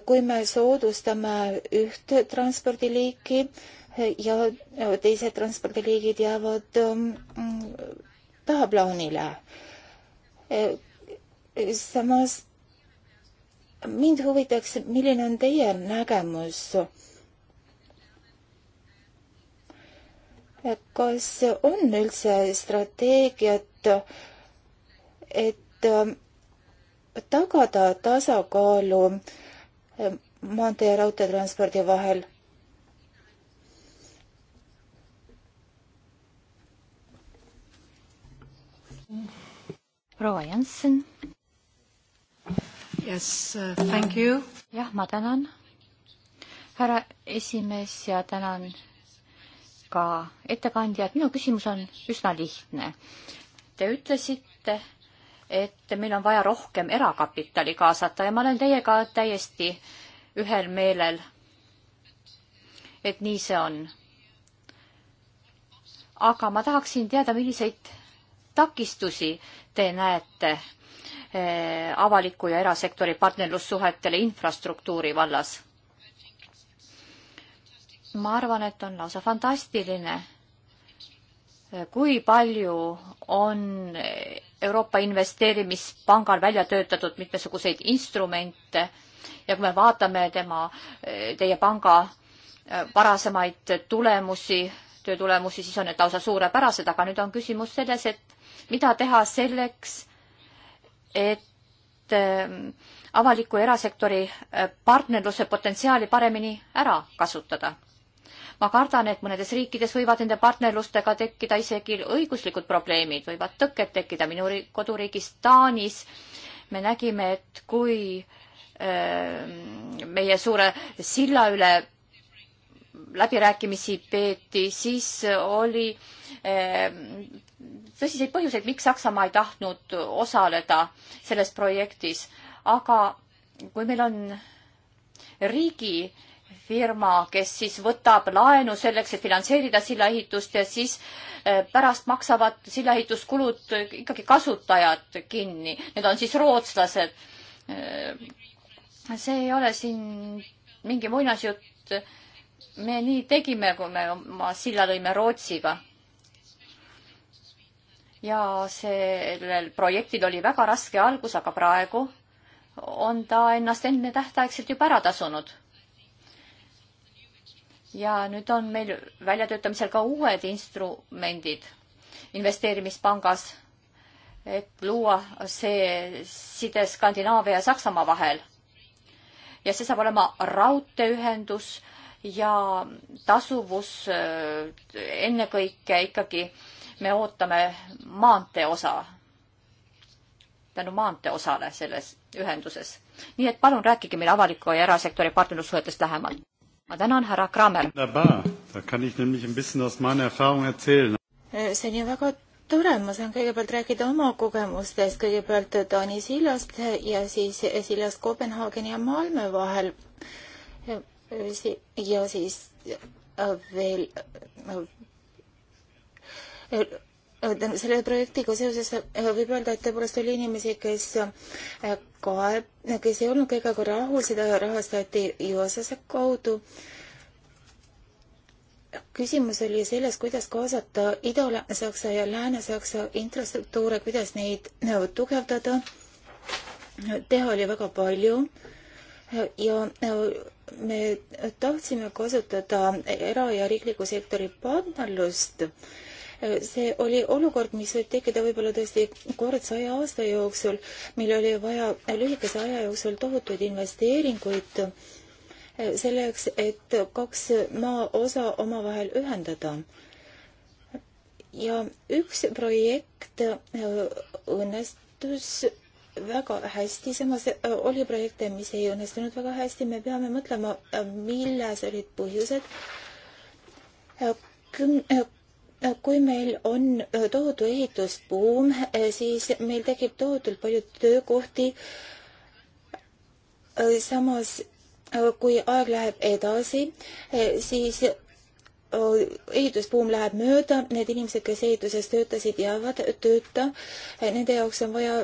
kui me soodustame üht transpordiliiki ja teised transpordiliigid jäävad um, tahaplaanile. samas mind huvitaks, milline on teie nägemus kas on üldse strateegiat, et ähm, tagada tasakaalu ähm, maantee ja raudteetranspordi vahel? proua Janssen. Yes, uh, thank you. jah, ma tänan, härra esimees ja tänan ka ettekandjad, minu küsimus on üsna lihtne. Te ütlesite, et meil on vaja rohkem erakapitali kaasata ja ma olen teiega täiesti ühel meelel, et nii see on. aga ma tahaksin teada, milliseid takistusi te näete eh, avaliku ja erasektori partnerlussuhetele infrastruktuuri vallas ma arvan, et on lausa fantastiline, kui palju on Euroopa Investeerimispangal välja töötatud mitmesuguseid instrumente ja kui me vaatame tema, teie panga eh, varasemaid tulemusi, töötulemusi, siis on need lausa suurepärased, aga nüüd on küsimus selles, et mida teha selleks, et eh, avaliku erasektori eh, partnerluse potentsiaali paremini ära kasutada ma kardan, et mõnedes riikides võivad nende partnerlustega tekkida isegi õiguslikud probleemid, võivad tõkked tekkida. minu koduriigis Taanis me nägime, et kui ähm, meie suure silla üle läbirääkimisi peeti, siis oli ähm, tõsiseid põhjuseid, miks Saksamaa ei tahtnud osaleda selles projektis, aga kui meil on riigi äh, firma, kes siis võtab laenu selleks, et finantseerida sillaehitust ja siis eh, pärast maksavad sillaehituskulud ikkagi kasutajad kinni. Need on siis rootslased. Eh, see ei ole siin mingi muinasjutt. me nii tegime, kui me oma silla lõime Rootsiga. ja sellel projektil oli väga raske algus, aga praegu on ta ennast ennetähtaegselt juba ära tasunud ja nüüd on meil väljatöötamisel ka uued instrumendid investeerimispangas, et luua see side Skandinaavia ja Saksamaa vahel. ja see saab olema raudteeühendus ja tasuvus äh, ennekõike ikkagi me ootame maantee osa, tänu maantee osale selles ühenduses. nii et palun rääkige meile avaliku ja erasektori partnerlussuhetest lähemalt ma tänan, härra Kramer. Äh, see on ju väga tore, ma saan kõigepealt rääkida oma kogemustest, kõigepealt Taani sillast ja siis sillast Kopenhaageni ja Malmö vahel. ja siis äh, veel äh, selle projektiga seoses võib öelda, et tõepoolest oli inimesi, kes äh, kaeb, kes ei olnud kõigega rahul, seda rahastati USA-se kaudu. küsimus oli selles, kuidas kaasata Ida-Saksa ja Lääne-Saksa infrastruktuure, kuidas neid tugevdada. teha oli väga palju ja me tahtsime kasutada era- ja riikliku sektori partnerlust see oli olukord, mis võib tekkida võib-olla tõesti kord saja aasta jooksul, meil oli vaja lühikese aja jooksul tohutuid investeeringuid eh, selleks, et kaks maaosa omavahel ühendada. ja üks projekt eh, õnnestus väga hästi, samas eh, oli projekte, mis ei õnnestunud väga hästi, me peame mõtlema, milles olid põhjused. küm-, kui meil on äh, tohutu ehitusbuum, äh, siis meil tekib tohutult palju töökohti. Äh, samas, kui aeg läheb edasi, siis ehitusbuum läheb mööda, need inimesed, kes ehituses töötasid, jäävad tööta. Nende jaoks on vaja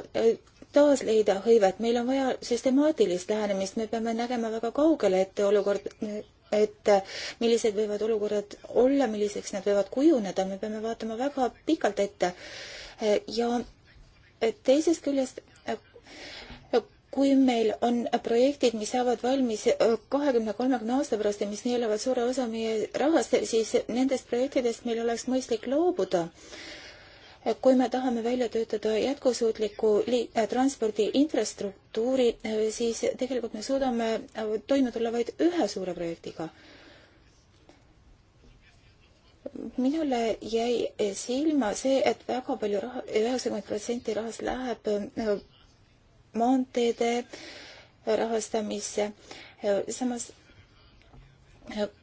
taas leida hõivet, meil on vaja süstemaatilist lähenemist, me peame nägema väga kaugele ette olukord, et äh, millised võivad olukorrad olla, milliseks nad võivad kujuneda, me peame vaatama väga pikalt ette. Äh, ja äh, teisest küljest, kui meil on projektid, mis saavad valmis kahekümne, kolmekümne aasta pärast ja mis neelavad suure osa meie rahast, siis nendest projektidest meil oleks mõistlik loobuda kui me tahame välja töötada jätkusuutliku äh, transpordi infrastruktuuri, äh, siis tegelikult me suudame äh, toime tulla vaid ühe suure projektiga. minule jäi silma see, et väga palju raha, üheksakümmend protsenti rahast läheb maanteede rahastamisse. samas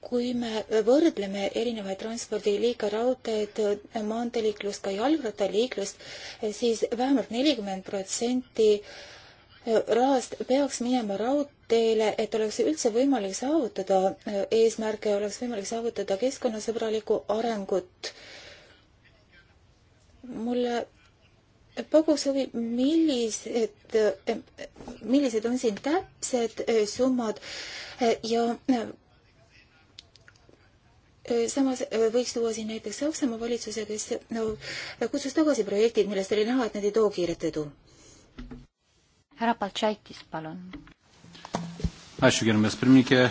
kui me võrdleme erinevaid transpordiliike, raudteed, maanteeliiklust, ka jalgrattaliiklust, siis vähemalt nelikümmend protsenti rahast peaks minema raudteele, et oleks üldse võimalik saavutada eesmärke, oleks võimalik saavutada keskkonnasõbralikku arengut. mulle pakuks huvi, millised, millised on siin täpsed summad ja samas võiks tuua siin näiteks Saksamaa valitsuse, kes no, kutsus tagasi projektid, millest oli näha, et need ei too kiiret edu. härra Baltšaitis, palun. Ačiū, gerbiamas pirmininkė.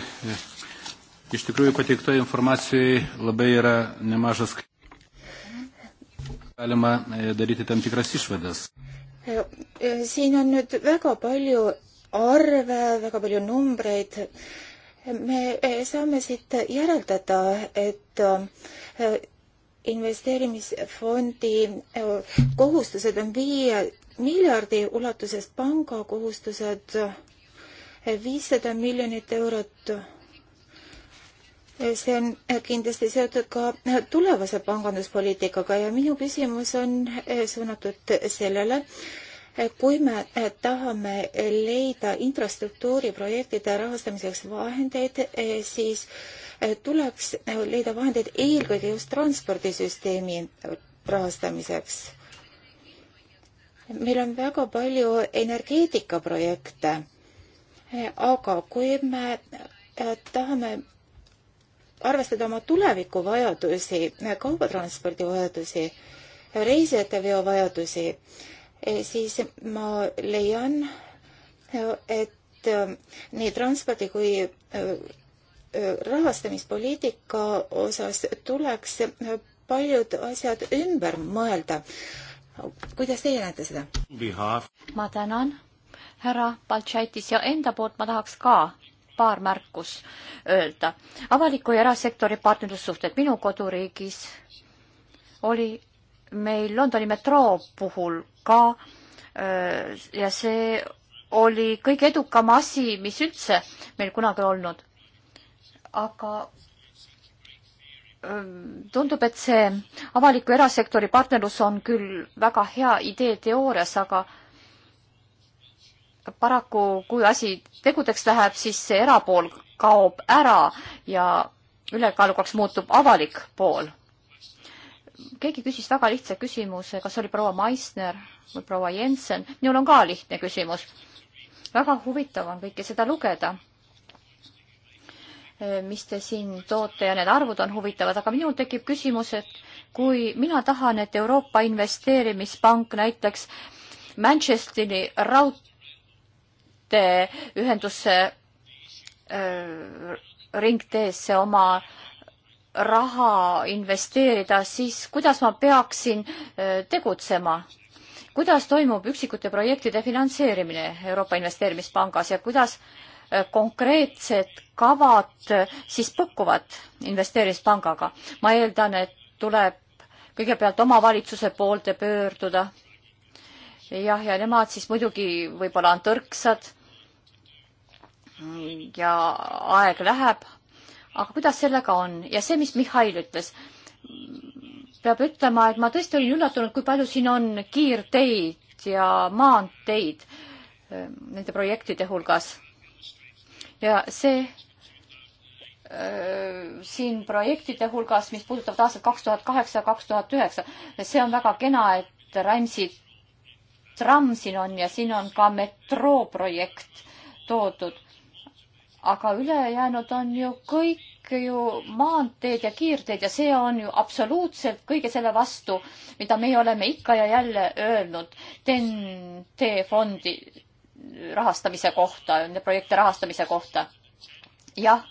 Iš tikrųjų pateiktoje informacijoje labai yra nemažas. Galima e, daryti tam tikras išvadas. E, siin on nüüd väga palju arve, väga palju numbreid me eh, saame siit järeldada, et eh, investeerimisfondi eh, kohustused on viie miljardi ulatuses, panga kohustused viissada miljonit eurot. see on kindlasti seotud ka tulevase panganduspoliitikaga ja minu küsimus on suunatud sellele, kui me tahame leida infrastruktuuriprojektide rahastamiseks vahendeid, eh, siis eh, tuleks eh, leida vahendeid eelkõige just transpordisüsteemi rahastamiseks. meil on väga palju energeetikaprojekte, aga kui me tahame arvestada oma tulevikuvajadusi, kaubatranspordi vajadusi, reisijateveo vajadusi, Eh, siis ma leian, et eh, nii transpordi kui eh, rahastamispoliitika osas tuleks paljud asjad ümber mõelda. kuidas teie näete seda? ma tänan, härra Baltšaitis ja enda poolt ma tahaks ka paar märkus öelda. avaliku ja erasektori partnerlussuhted minu koduriigis oli meil Londoni metroo puhul ka ja see oli kõige edukam asi, mis üldse meil kunagi olnud. aga tundub, et see avaliku erasektori partnerlus on küll väga hea idee teoorias, aga paraku, kui asi tegudeks läheb, siis see erapool kaob ära ja ülekaalukaks muutub avalik pool keegi küsis väga lihtsa küsimuse, kas oli proua Meissner või proua Jensen. minul on ka lihtne küsimus. väga huvitav on kõike seda lugeda, mis te siin toote ja need arvud on huvitavad, aga minul tekib küsimus, et kui mina tahan, et Euroopa Investeerimispank näiteks Manchesteri raudteeühendusse äh, ringteesse oma äh, raha investeerida, siis kuidas ma peaksin äh, tegutsema? kuidas toimub üksikute projektide finantseerimine Euroopa Investeerimispangas ja kuidas äh, konkreetsed kavad äh, siis põkkuvad investeerimispangaga? ma eeldan, et tuleb kõigepealt omavalitsuse poolde pöörduda. jah, ja nemad siis muidugi võib-olla on tõrksad ja aeg läheb aga kuidas sellega on ja see, mis Mihhail ütles, peab ütlema, et ma tõesti olin üllatunud, kui palju siin on kiirteid ja maanteid ähm, nende projektide hulgas. ja see äh, siin projektide hulgas, mis puudutavad aastat kaks tuhat kaheksa, kaks tuhat üheksa, see on väga kena, et Rämsi tramm siin on ja siin on ka metroo projekt toodud aga ülejäänud on ju kõik ju maanteed ja kiirteed ja see on ju absoluutselt kõige selle vastu, mida meie oleme ikka ja jälle öelnud TEN-T fondi rahastamise kohta, nende projekti rahastamise kohta. jah,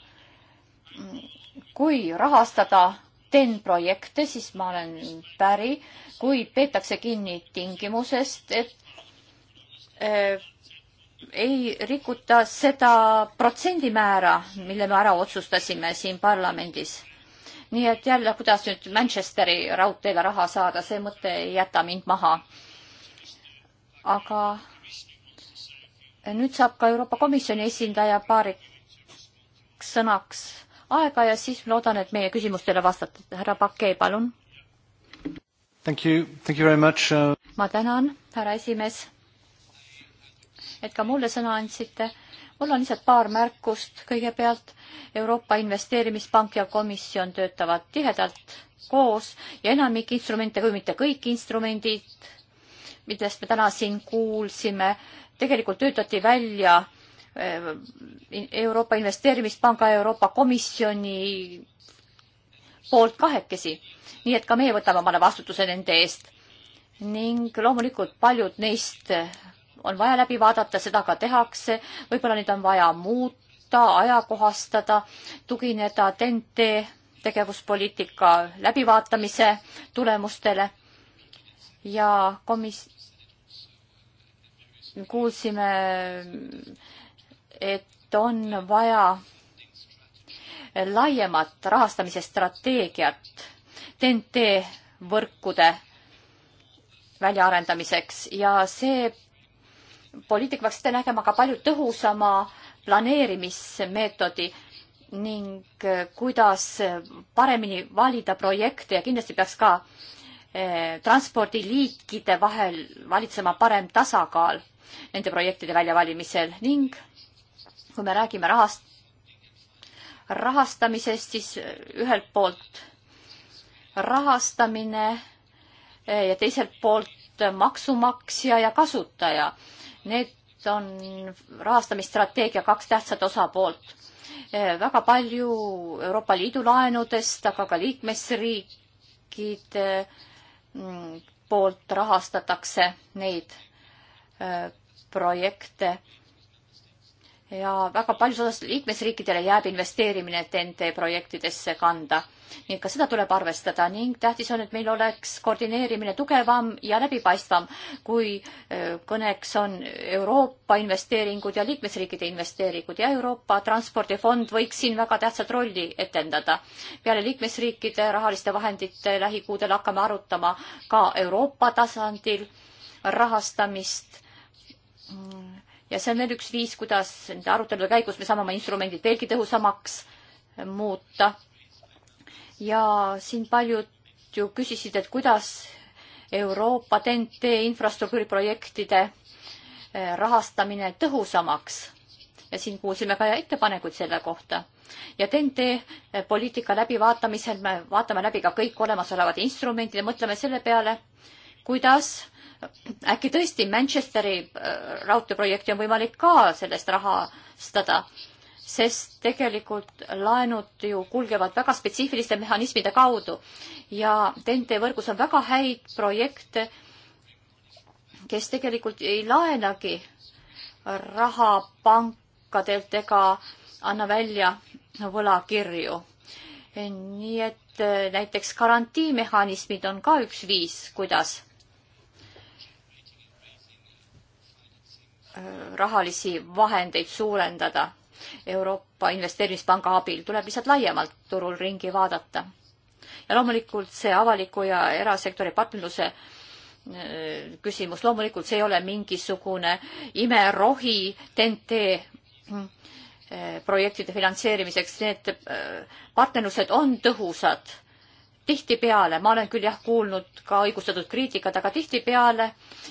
kui rahastada teen projekte, siis ma olen päri, kui peetakse kinni tingimusest, et äh, ei rikuta seda protsendimäära, mille me ära otsustasime siin parlamendis. nii et jälle, kuidas nüüd Manchesteri raudteele raha saada, see mõte ei jäta mind maha. aga nüüd saab ka Euroopa Komisjoni esindaja paariks sõnaks aega ja siis loodan, et meie küsimustele vastate. härra Pakee, palun. Uh, ma tänan, härra esimees et ka mulle sõna andsite. mul on lihtsalt paar märkust. kõigepealt Euroopa Investeerimispank ja komisjon töötavad tihedalt koos ja enamik instrumente, kui mitte kõik instrumendid, millest me täna siin kuulsime, tegelikult töötati välja äh, Euroopa Investeerimispanga ja Euroopa Komisjoni poolt kahekesi. nii et ka meie võtame omale vastutuse nende eest. ning loomulikult paljud neist on vaja läbi vaadata, seda ka tehakse, võib-olla neid on vaja muuta, ajakohastada, tugineda TNT tegevuspoliitika läbivaatamise tulemustele ja komis-, kuulsime, et on vaja laiemat rahastamise strateegiat TNT võrkude väljaarendamiseks ja see poliitika peaks ette nägema ka palju tõhusama planeerimismeetodi ning äh, kuidas paremini valida projekte ja kindlasti peaks ka äh, transpordiliikide vahel valitsema parem tasakaal nende projektide väljavalimisel ning kui me räägime rahast, rahastamisest, siis äh, ühelt poolt rahastamine ja teiselt poolt maksumaksja ja kasutaja Need on rahastamisstrateegia kaks tähtsat osapoolt. Eh, väga palju Euroopa Liidu laenudest, aga ka liikmesriikide mm, poolt rahastatakse neid eh, projekte ja väga paljudes osas liikmesriikidele jääb investeerimine TNT projektidesse kanda. nii et ka seda tuleb arvestada ning tähtis on, et meil oleks koordineerimine tugevam ja läbipaistvam, kui äh, kõneks on Euroopa investeeringud ja liikmesriikide investeeringud ja Euroopa Transpordifond võiks siin väga tähtsat rolli etendada. peale liikmesriikide rahaliste vahendite lähikuudel hakkame arutama ka Euroopa tasandil rahastamist mm ja see on veel üks viis, kuidas nende arutelude käigus me saame oma instrumendid veelgi tõhusamaks muuta. ja siin paljud ju küsisid, et kuidas Euroopa TNT infrastruktuuriprojektide eh, rahastamine tõhusamaks ja siin kuulsime ka ettepanekuid selle kohta. ja TNT eh, poliitika läbivaatamisel me vaatame läbi ka kõik olemasolevad instrumendid ja mõtleme selle peale, kuidas äkki tõesti Manchesteri äh, raudteeprojekti on võimalik ka sellest rahastada, sest tegelikult laenud ju kulgevad väga spetsiifiliste mehhanismide kaudu ja TNT võrgus on väga häid projekte, kes tegelikult ei laenagi raha pankadelt ega anna välja võlakirju. nii et äh, näiteks garantiimehhanismid on ka üks viis, kuidas rahalisi vahendeid suurendada Euroopa Investeerimispanga abil, tuleb lihtsalt laiemalt turul ringi vaadata. ja loomulikult see avaliku ja erasektori partnerluse äh, küsimus, loomulikult see ei ole mingisugune imerohi TNT äh, projektide finantseerimiseks, need äh, partnerlused on tõhusad tihtipeale, ma olen küll jah kuulnud ka õigustatud kriitikat, aga tihtipeale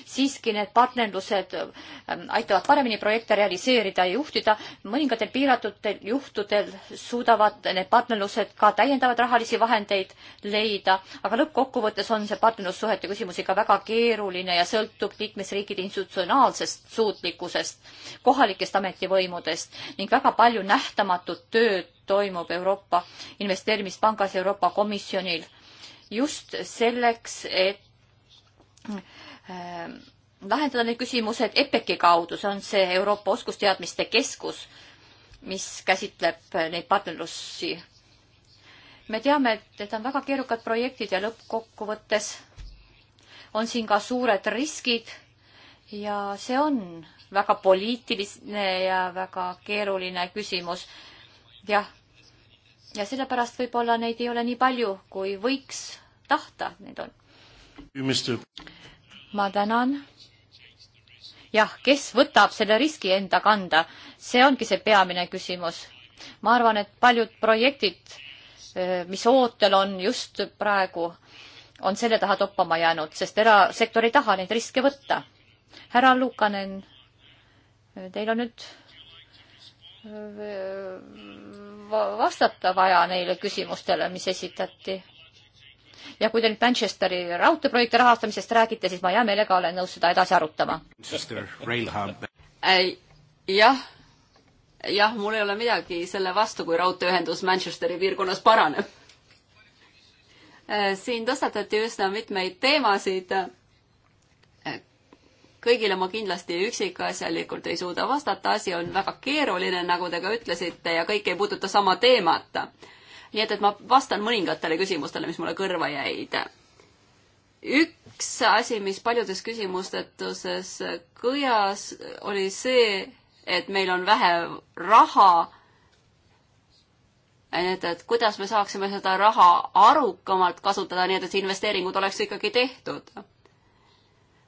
siiski need partnerlused ähm, aitavad paremini projekte realiseerida ja juhtida. mõningatel piiratutel juhtudel suudavad need partnerlused ka täiendavaid rahalisi vahendeid leida, aga lõppkokkuvõttes on see partnerlussuhete küsimus ikka väga keeruline ja sõltub liikmesriikide institutsionaalsest suutlikkusest, kohalikest ametivõimudest ning väga palju nähtamatut tööd toimub Euroopa Investeerimispangas, Euroopa Komisjonil just selleks, et ähm, lahendada need küsimused EPEC-i kaudu, see on see Euroopa Oskusteadmiste Keskus, mis käsitleb neid partnerlusi. me teame, et need on väga keerukad projektid ja lõppkokkuvõttes on siin ka suured riskid ja see on väga poliitiline ja väga keeruline küsimus. jah ja sellepärast võib-olla neid ei ole nii palju, kui võiks tahta, neid on. ma tänan. jah, kes võtab selle riski enda kanda, see ongi see peamine küsimus. ma arvan, et paljud projektid, eh, mis ootel on just praegu, on selle taha toppama jäänud, sest erasektor ei taha neid riske võtta. härra Lukanen, teil on nüüd eh, vastata vaja neile küsimustele, mis esitati. ja kui te nüüd Manchesteri raudteeprojekti rahastamisest räägite, siis ma hea meelega olen nõus seda edasi arutama. jah, jah, mul ei ole midagi selle vastu, kui raudteeühendus Manchesteri piirkonnas paraneb. siin tõstatati üsna mitmeid teemasid kõigile ma kindlasti üksikasjalikult ei suuda vastata, asi on väga keeruline, nagu te ka ütlesite, ja kõik ei puuduta sama teemat. nii et, et ma vastan mõningatele küsimustele, mis mulle kõrva jäid. üks asi, mis paljudes küsimustetuses kõjas, oli see, et meil on vähe raha nii et, et kuidas me saaksime seda raha arukamalt kasutada, nii et, et investeeringud oleks ikkagi tehtud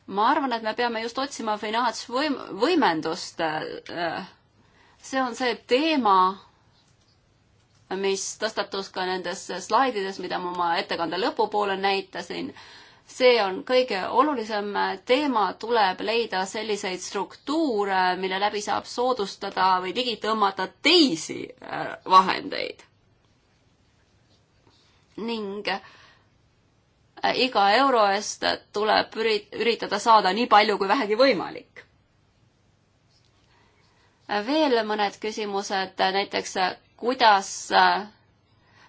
ma arvan, et me peame just otsima finantsvõim-, võimendust. see on see teema, mis tõstatus ka nendes slaidides, mida ma oma ettekande lõpupoole näitasin. see on kõige olulisem teema, tuleb leida selliseid struktuure, mille läbi saab soodustada või ligi tõmmata teisi vahendeid. ning äh, iga euro eest tuleb üritada saada nii palju kui vähegi võimalik. veel mõned küsimused, näiteks kuidas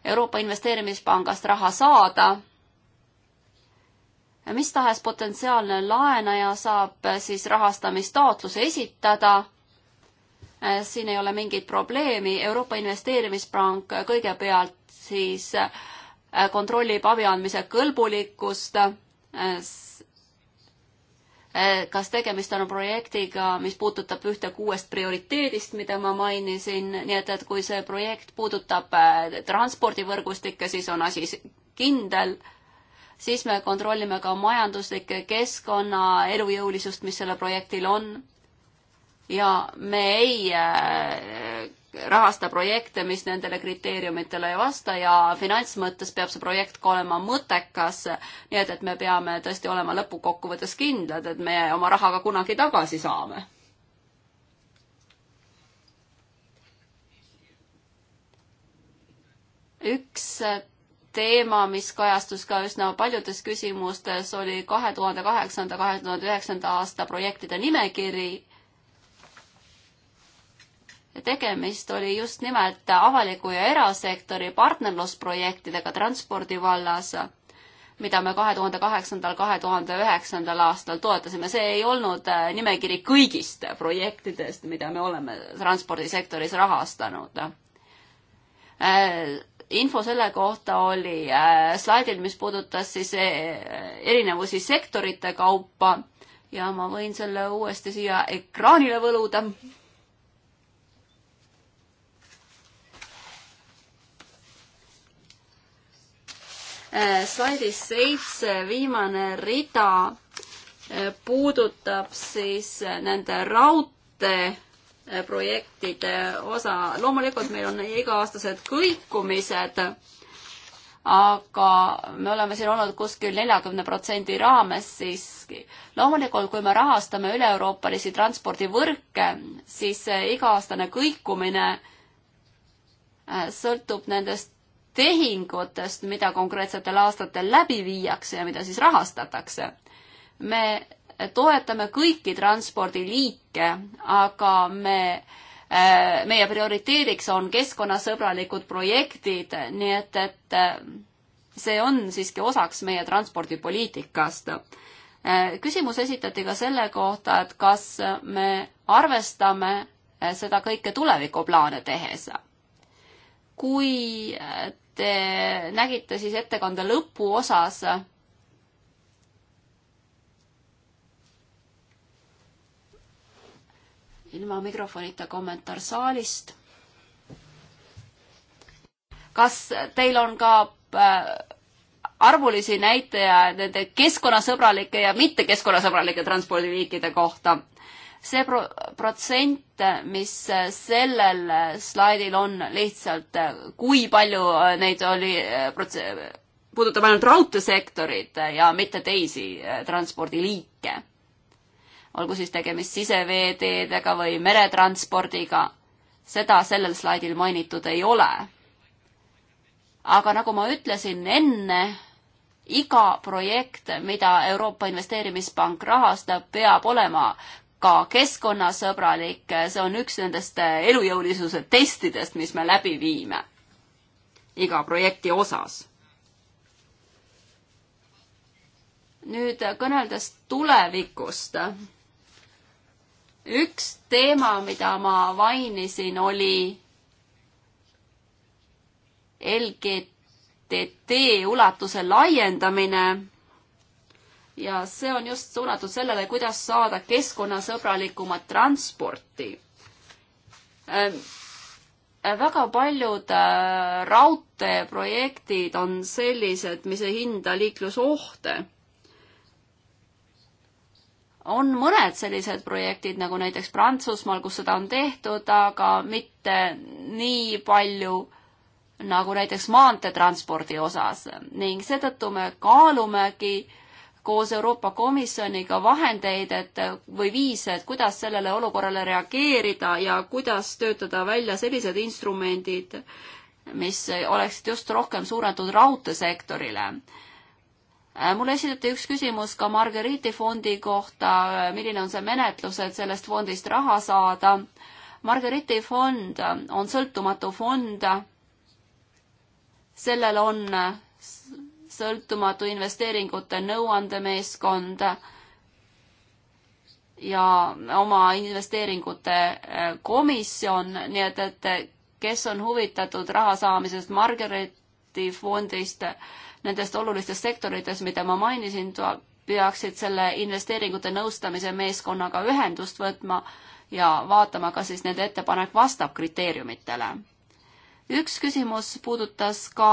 Euroopa Investeerimispangast raha saada. mis tahes potentsiaalne laenaja saab siis rahastamistaotluse esitada. siin ei ole mingit probleemi, Euroopa Investeerimispank kõigepealt siis äh, Äh, kontrollib abi andmise kõlbulikkust, äh, äh, kas tegemist on projektiga, mis puudutab ühte kuuest prioriteedist, mida ma mainisin, nii et, et kui see projekt puudutab transpordivõrgustikke, siis on asi kindel, siis me kontrollime ka majanduslikke keskkonna elujõulisust, mis sellel projektil on. ja me ei rahasta projekte, mis nendele kriteeriumitele ei vasta ja finantsmõttes peab see projekt ka olema mõttekas. nii et, et me peame tõesti olema lõpukokkuvõttes kindlad, et me oma raha ka kunagi tagasi saame. üks teema, mis kajastus ka üsna paljudes küsimustes, oli kahe tuhande kaheksanda, kahe tuhande üheksanda aasta projektide nimekiri tegemist oli just nimelt avaliku ja erasektori partnerlusprojektidega transpordi vallas, mida me kahe tuhande kaheksandal, kahe tuhande üheksandal aastal toetasime. see ei olnud äh, nimekiri kõigist projektidest, mida me oleme transpordisektoris rahastanud. Äh, info selle kohta oli äh, slaidil, mis puudutas siis erinevusi sektorite kaupa ja ma võin selle uuesti siia ekraanile võluda Äh, slaidis seitse viimane rida äh, puudutab siis äh, nende raudteeprojektide osa. loomulikult meil on iga-aastased kõikumised, aga me oleme siin olnud kuskil neljakümne protsendi raames siiski. loomulikult, kui me rahastame üle-euroopalisi transpordivõrke, siis see iga-aastane kõikumine sõltub nendest tehingutest, mida konkreetsetel aastatel läbi viiakse ja mida siis rahastatakse. me toetame kõiki transpordiliike, aga me äh, meie prioriteediks on keskkonnasõbralikud projektid, nii et, et äh, see on siiski osaks meie transpordipoliitikast. Äh, küsimus esitati ka selle kohta, et kas me arvestame seda kõike tulevikuplaane tehes. kui te nägite siis ettekande lõpuosas ilma mikrofonita kommentaar saalist. kas teil on ka äh, arvulisi näitajaid nende keskkonnasõbralike ja mitte keskkonnasõbralike transpordiliikide kohta? see pro-, protsent, mis sellel slaidil on lihtsalt, kui palju neid oli prots-, puudutab ainult raudteesektorit ja mitte teisi transpordiliike. olgu siis tegemist siseveeteedega või meretranspordiga, seda sellel slaidil mainitud ei ole. aga nagu ma ütlesin enne, iga projekt, mida Euroopa Investeerimispank rahastab, peab olema ka keskkonnasõbralik, see on üks nendest elujõulisuse testidest, mis me läbi viime iga projekti osas nüüd kõneldes tulevikust, üks teema, mida ma mainisin, oli LGTT ulatuse laiendamine ja see on just suunatud sellele, kuidas saada keskkonnasõbralikumat transporti ähm, väga paljud äh, raudteeprojektid on sellised, mis ei hinda liiklusohte. on mõned sellised projektid nagu näiteks Prantsusmaal, kus seda on tehtud, aga mitte nii palju nagu näiteks maanteetranspordi osas ning seetõttu me kaalumegi äh, koos Euroopa Komisjoniga vahendeid, et või viise, et kuidas sellele olukorrale reageerida ja kuidas töötada välja sellised instrumendid, mis oleksid just rohkem suunatud raudteesektorile. mulle esitati üks küsimus ka Margeriiti fondi kohta, milline on see menetlus, et sellest fondist raha saada. Margeriiti fond on sõltumatu fond, sellel on sõltumatu investeeringute nõuandemeeskond ja oma investeeringute äh, komisjon, nii et, et kes on huvitatud raha saamisest Margareti fondist, nendest olulistest sektoritest, mida ma mainisin, peaksid selle investeeringute nõustamise meeskonnaga ühendust võtma ja vaatama, kas siis nende ettepanek vastab kriteeriumitele. üks küsimus puudutas ka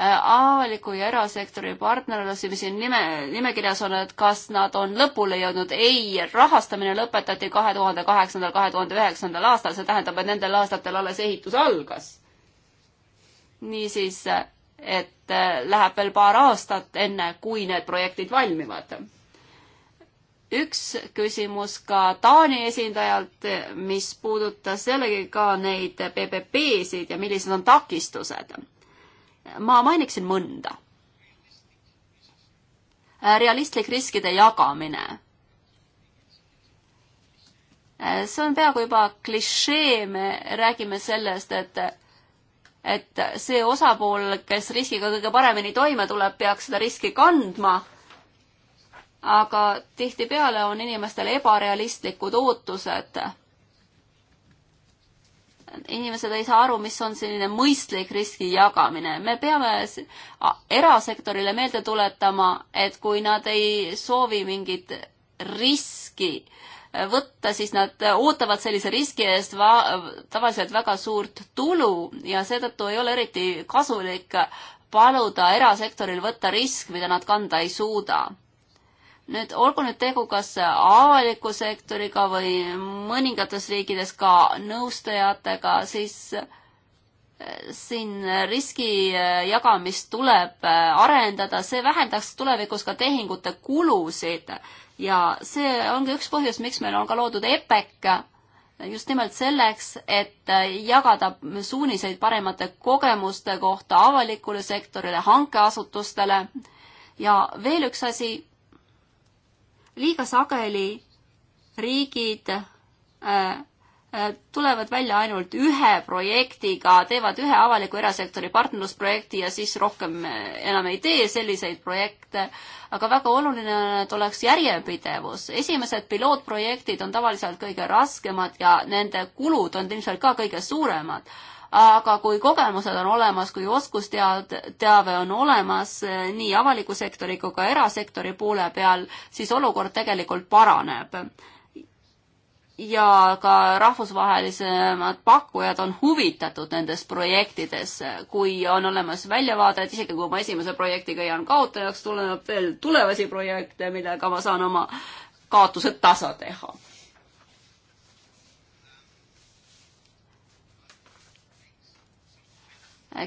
Äh, avaliku ja erasektori partnerlusi, mis siin nime, nimekirjas on, et kas nad on lõpule jõudnud, ei, rahastamine lõpetati kahe tuhande kaheksandal, kahe tuhande üheksandal aastal, see tähendab, et nendel aastatel alles ehitus algas. niisiis, et äh, läheb veel paar aastat, enne kui need projektid valmivad. üks küsimus ka Taani esindajalt, mis puudutas jällegi ka neid PPP-sid ja millised on takistused ma mainiksin mõnda. Äh, realistlik riskide jagamine. Äh, see on peaaegu juba klišee, me räägime sellest, et et see osapool, kes riskiga kõige paremini toime tuleb, peaks seda riski kandma aga tihtipeale on inimestel ebarealistlikud ootused inimesed ei saa aru, mis on selline mõistlik riski jagamine. me peame erasektorile meelde tuletama, et kui nad ei soovi mingit riski äh, võtta, siis nad ootavad sellise riski eest va-, tavaliselt väga suurt tulu ja seetõttu ei ole eriti kasulik paluda erasektoril võtta risk, mida nad kanda ei suuda nüüd olgu nüüd tegu kas avaliku sektoriga või mõningates riikides ka nõustajatega, siis eh, siin riski eh, jagamist tuleb eh, arendada, see vähendaks tulevikus ka tehingute kulusid ja see ongi üks põhjus, miks meil on ka loodud EPEC, just nimelt selleks, et jagada suuniseid paremate kogemuste kohta avalikule sektorile, hankeasutustele ja veel üks asi liiga sageli riigid äh, äh, tulevad välja ainult ühe projektiga, teevad ühe avaliku erasektori partnerlusprojekti ja siis rohkem äh, enam ei tee selliseid projekte. aga väga oluline on, et oleks järjepidevus. esimesed pilootprojektid on tavaliselt kõige raskemad ja nende kulud on ilmselt ka kõige suuremad aga kui kogemused on olemas, kui oskusteave on olemas eh, nii avaliku sektori kui ka erasektori poole peal, siis olukord tegelikult paraneb. ja ka rahvusvahelisemad pakkujad on huvitatud nendes projektides, kui on olemas väljavaade, et isegi kui ma esimese projektiga jään kaotajaks, tuleb veel tulevasi projekte, millega ma saan oma kaotused tasa teha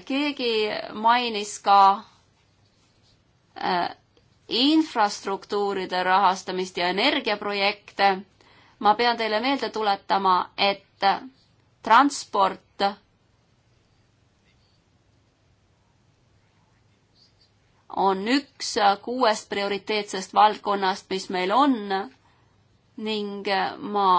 keegi mainis ka äh, infrastruktuuride rahastamist ja energiaprojekte. ma pean teile meelde tuletama, et transport on üks kuuest prioriteetsest valdkonnast, mis meil on ning ma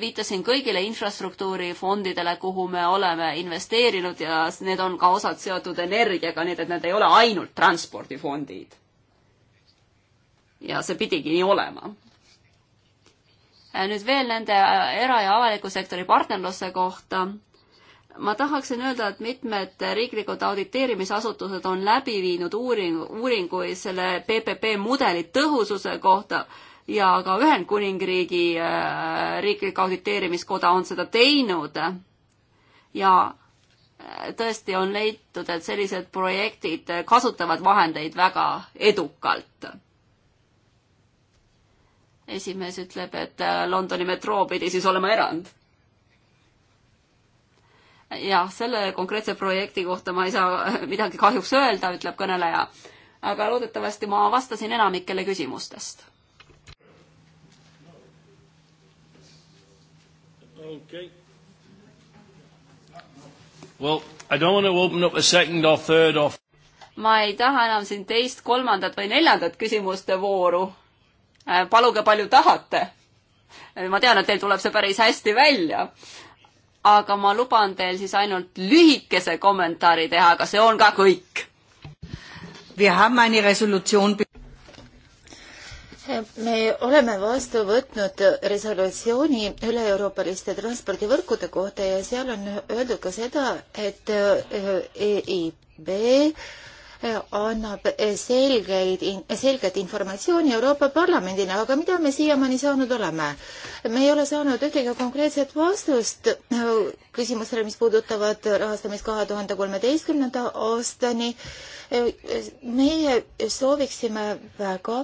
viitasin kõigile infrastruktuurifondidele, kuhu me oleme investeerinud ja need on ka osad seotud energiaga, nii et need ei ole ainult transpordifondid. ja see pidigi nii olema. nüüd veel nende era- ja avaliku sektori partnerluste kohta. ma tahaksin öelda, et mitmed riiklikud auditeerimisasutused on läbi viinud uuring, uuringuid selle PPP mudeli tõhususe kohta ja ka Ühendkuningriigi äh, riiklik auditeerimiskoda on seda teinud. ja äh, tõesti on leitud, et sellised projektid kasutavad vahendeid väga edukalt. esimees ütleb, et äh, Londoni metroo pidi siis olema erand. jah, selle konkreetse projekti kohta ma ei saa [LAUGHS] midagi kahjuks öelda, ütleb kõneleja, aga loodetavasti ma vastasin enamikele küsimustest Okay. Well, I don't want to open up a second or third or ma ei taha enam siin teist, kolmandat või neljandat küsimuste vooru. Äh, paluge palju tahate. Äh, ma tean, et teil tuleb see päris hästi välja. aga ma luban teil siis ainult lühikese kommentaari teha, aga see on ka kõik me oleme vastu võtnud resolutsiooni üle-euroopaliste transpordivõrkude kohta ja seal on öeldud ka seda, et EIB e e, annab selgeid, selget informatsiooni Euroopa Parlamendina, aga mida me siiamaani saanud oleme? me ei ole saanud ühtegi konkreetset vastust e, küsimustele, mis puudutavad rahastamist kahe tuhande kolmeteistkümnenda aastani. meie sooviksime väga,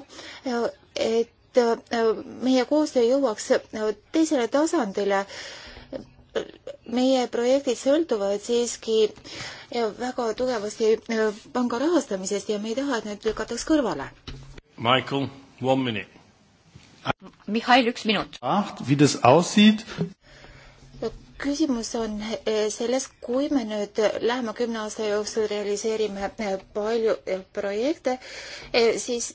et äh, meie koostöö jõuaks äh, teisele tasandile. meie projektid sõltuvad siiski äh, väga tugevasti panga rahastamisest ja me ei taha, et need lükataks kõrvale. Michael, one minute. Mihhail, üks minut. Wie das aussieht, küsimus on selles, kui me nüüd lähema kümne aasta jooksul realiseerime palju projekte, siis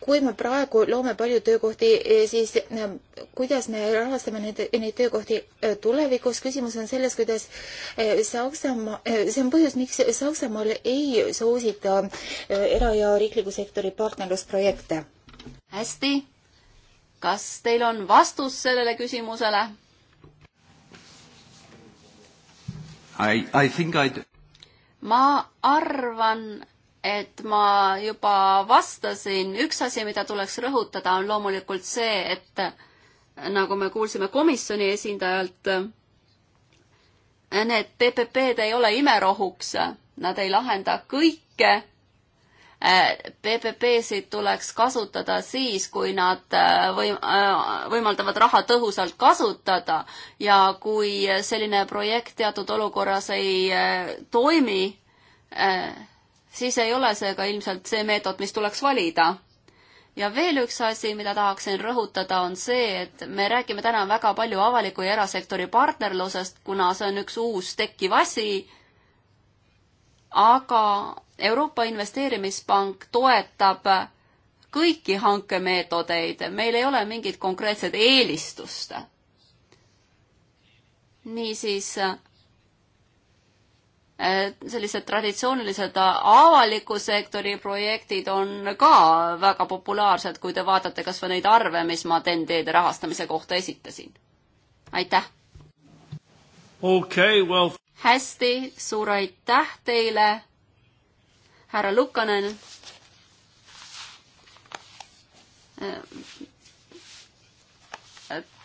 kui me praegu loome palju töökohti, eh, siis eh, kuidas me rahastame neid, neid töökohti eh, tulevikus, küsimus on selles, kuidas Saksamaa, see on põhjus, miks Saksamaal ei soosita era- ja riikliku sektori partnerlusprojekte. hästi, kas teil on vastus sellele küsimusele? I, I think I ma arvan, et ma juba vastasin, üks asi, mida tuleks rõhutada, on loomulikult see, et äh, nagu me kuulsime komisjoni esindajalt, äh, need PPP-d ei ole imerohuks, nad ei lahenda kõike. Äh, PPP-sid tuleks kasutada siis, kui nad võim-, võimaldavad raha tõhusalt kasutada ja kui selline projekt teatud olukorras ei toimi, siis ei ole see ka ilmselt see meetod, mis tuleks valida. ja veel üks asi, mida tahaksin rõhutada, on see, et me räägime täna väga palju avaliku ja erasektori partnerlusest, kuna see on üks uus tekkiv asi, aga Euroopa Investeerimispank toetab kõiki hankemeetodeid, meil ei ole mingit konkreetset eelistust. niisiis sellised traditsioonilised avaliku sektori projektid on ka väga populaarsed, kui te vaatate kas või neid arve, mis ma TEN-teede rahastamise kohta esitasin. aitäh! okay, well. hästi, suur aitäh teile, härra Lukanen.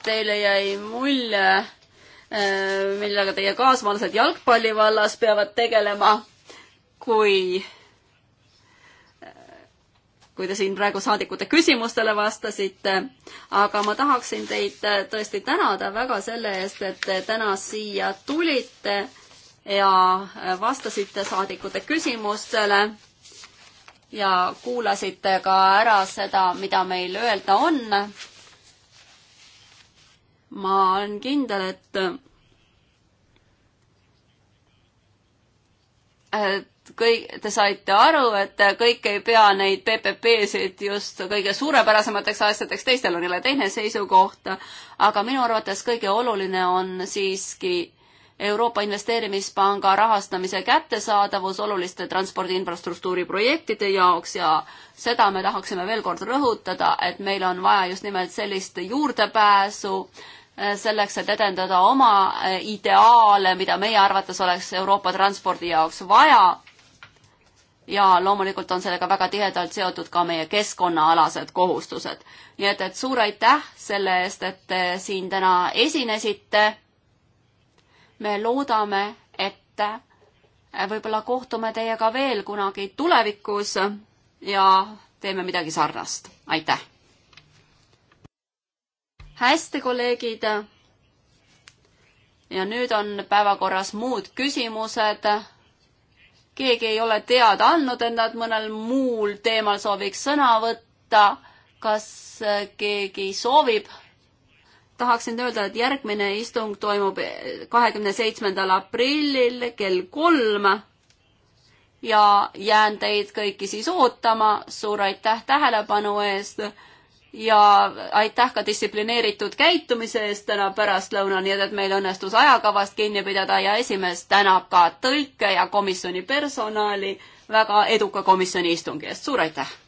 Teile jäi mulje Äh, millega teie kaasmaalased jalgpalli vallas peavad tegelema, kui äh, kui te siin praegu saadikute küsimustele vastasite, aga ma tahaksin teid äh, tõesti tänada väga selle eest, et te täna siia tulite ja vastasite saadikute küsimustele ja kuulasite ka ära seda, mida meil öelda on ma olen kindel, et et kõik, te saite aru, et kõik ei pea neid PPP-sid just kõige suurepärasemateks asjadeks, teistel on jälle teine seisukoht, aga minu arvates kõige oluline on siiski Euroopa Investeerimispanga rahastamise kättesaadavus oluliste transpordi infrastruktuuri projektide jaoks ja seda me tahaksime veel kord rõhutada, et meil on vaja just nimelt sellist juurdepääsu äh, Äh, selleks, et edendada oma äh, ideaale, mida meie arvates oleks Euroopa transpordi jaoks vaja. ja loomulikult on sellega väga tihedalt seotud ka meie keskkonnaalased kohustused. nii et, et suur aitäh selle eest, et te siin täna esinesite. me loodame, et äh, võib-olla kohtume teiega veel kunagi tulevikus ja teeme midagi sarnast. aitäh! hästi, kolleegid. ja nüüd on päevakorras muud küsimused. keegi ei ole teada andnud, et nad mõnel muul teemal sooviks sõna võtta. kas keegi soovib? tahaksin öelda, et järgmine istung toimub kahekümne seitsmendal aprillil kell kolm ja jään teid kõiki siis ootama. suur aitäh tähelepanu eest ja aitäh ka distsiplineeritud käitumise eest täna pärastlõunal, nii et, et meil õnnestus ajakavast kinni pidada ja esimees tänab ka tõlke ja komisjoni personali väga eduka komisjoni istungi eest, suur aitäh!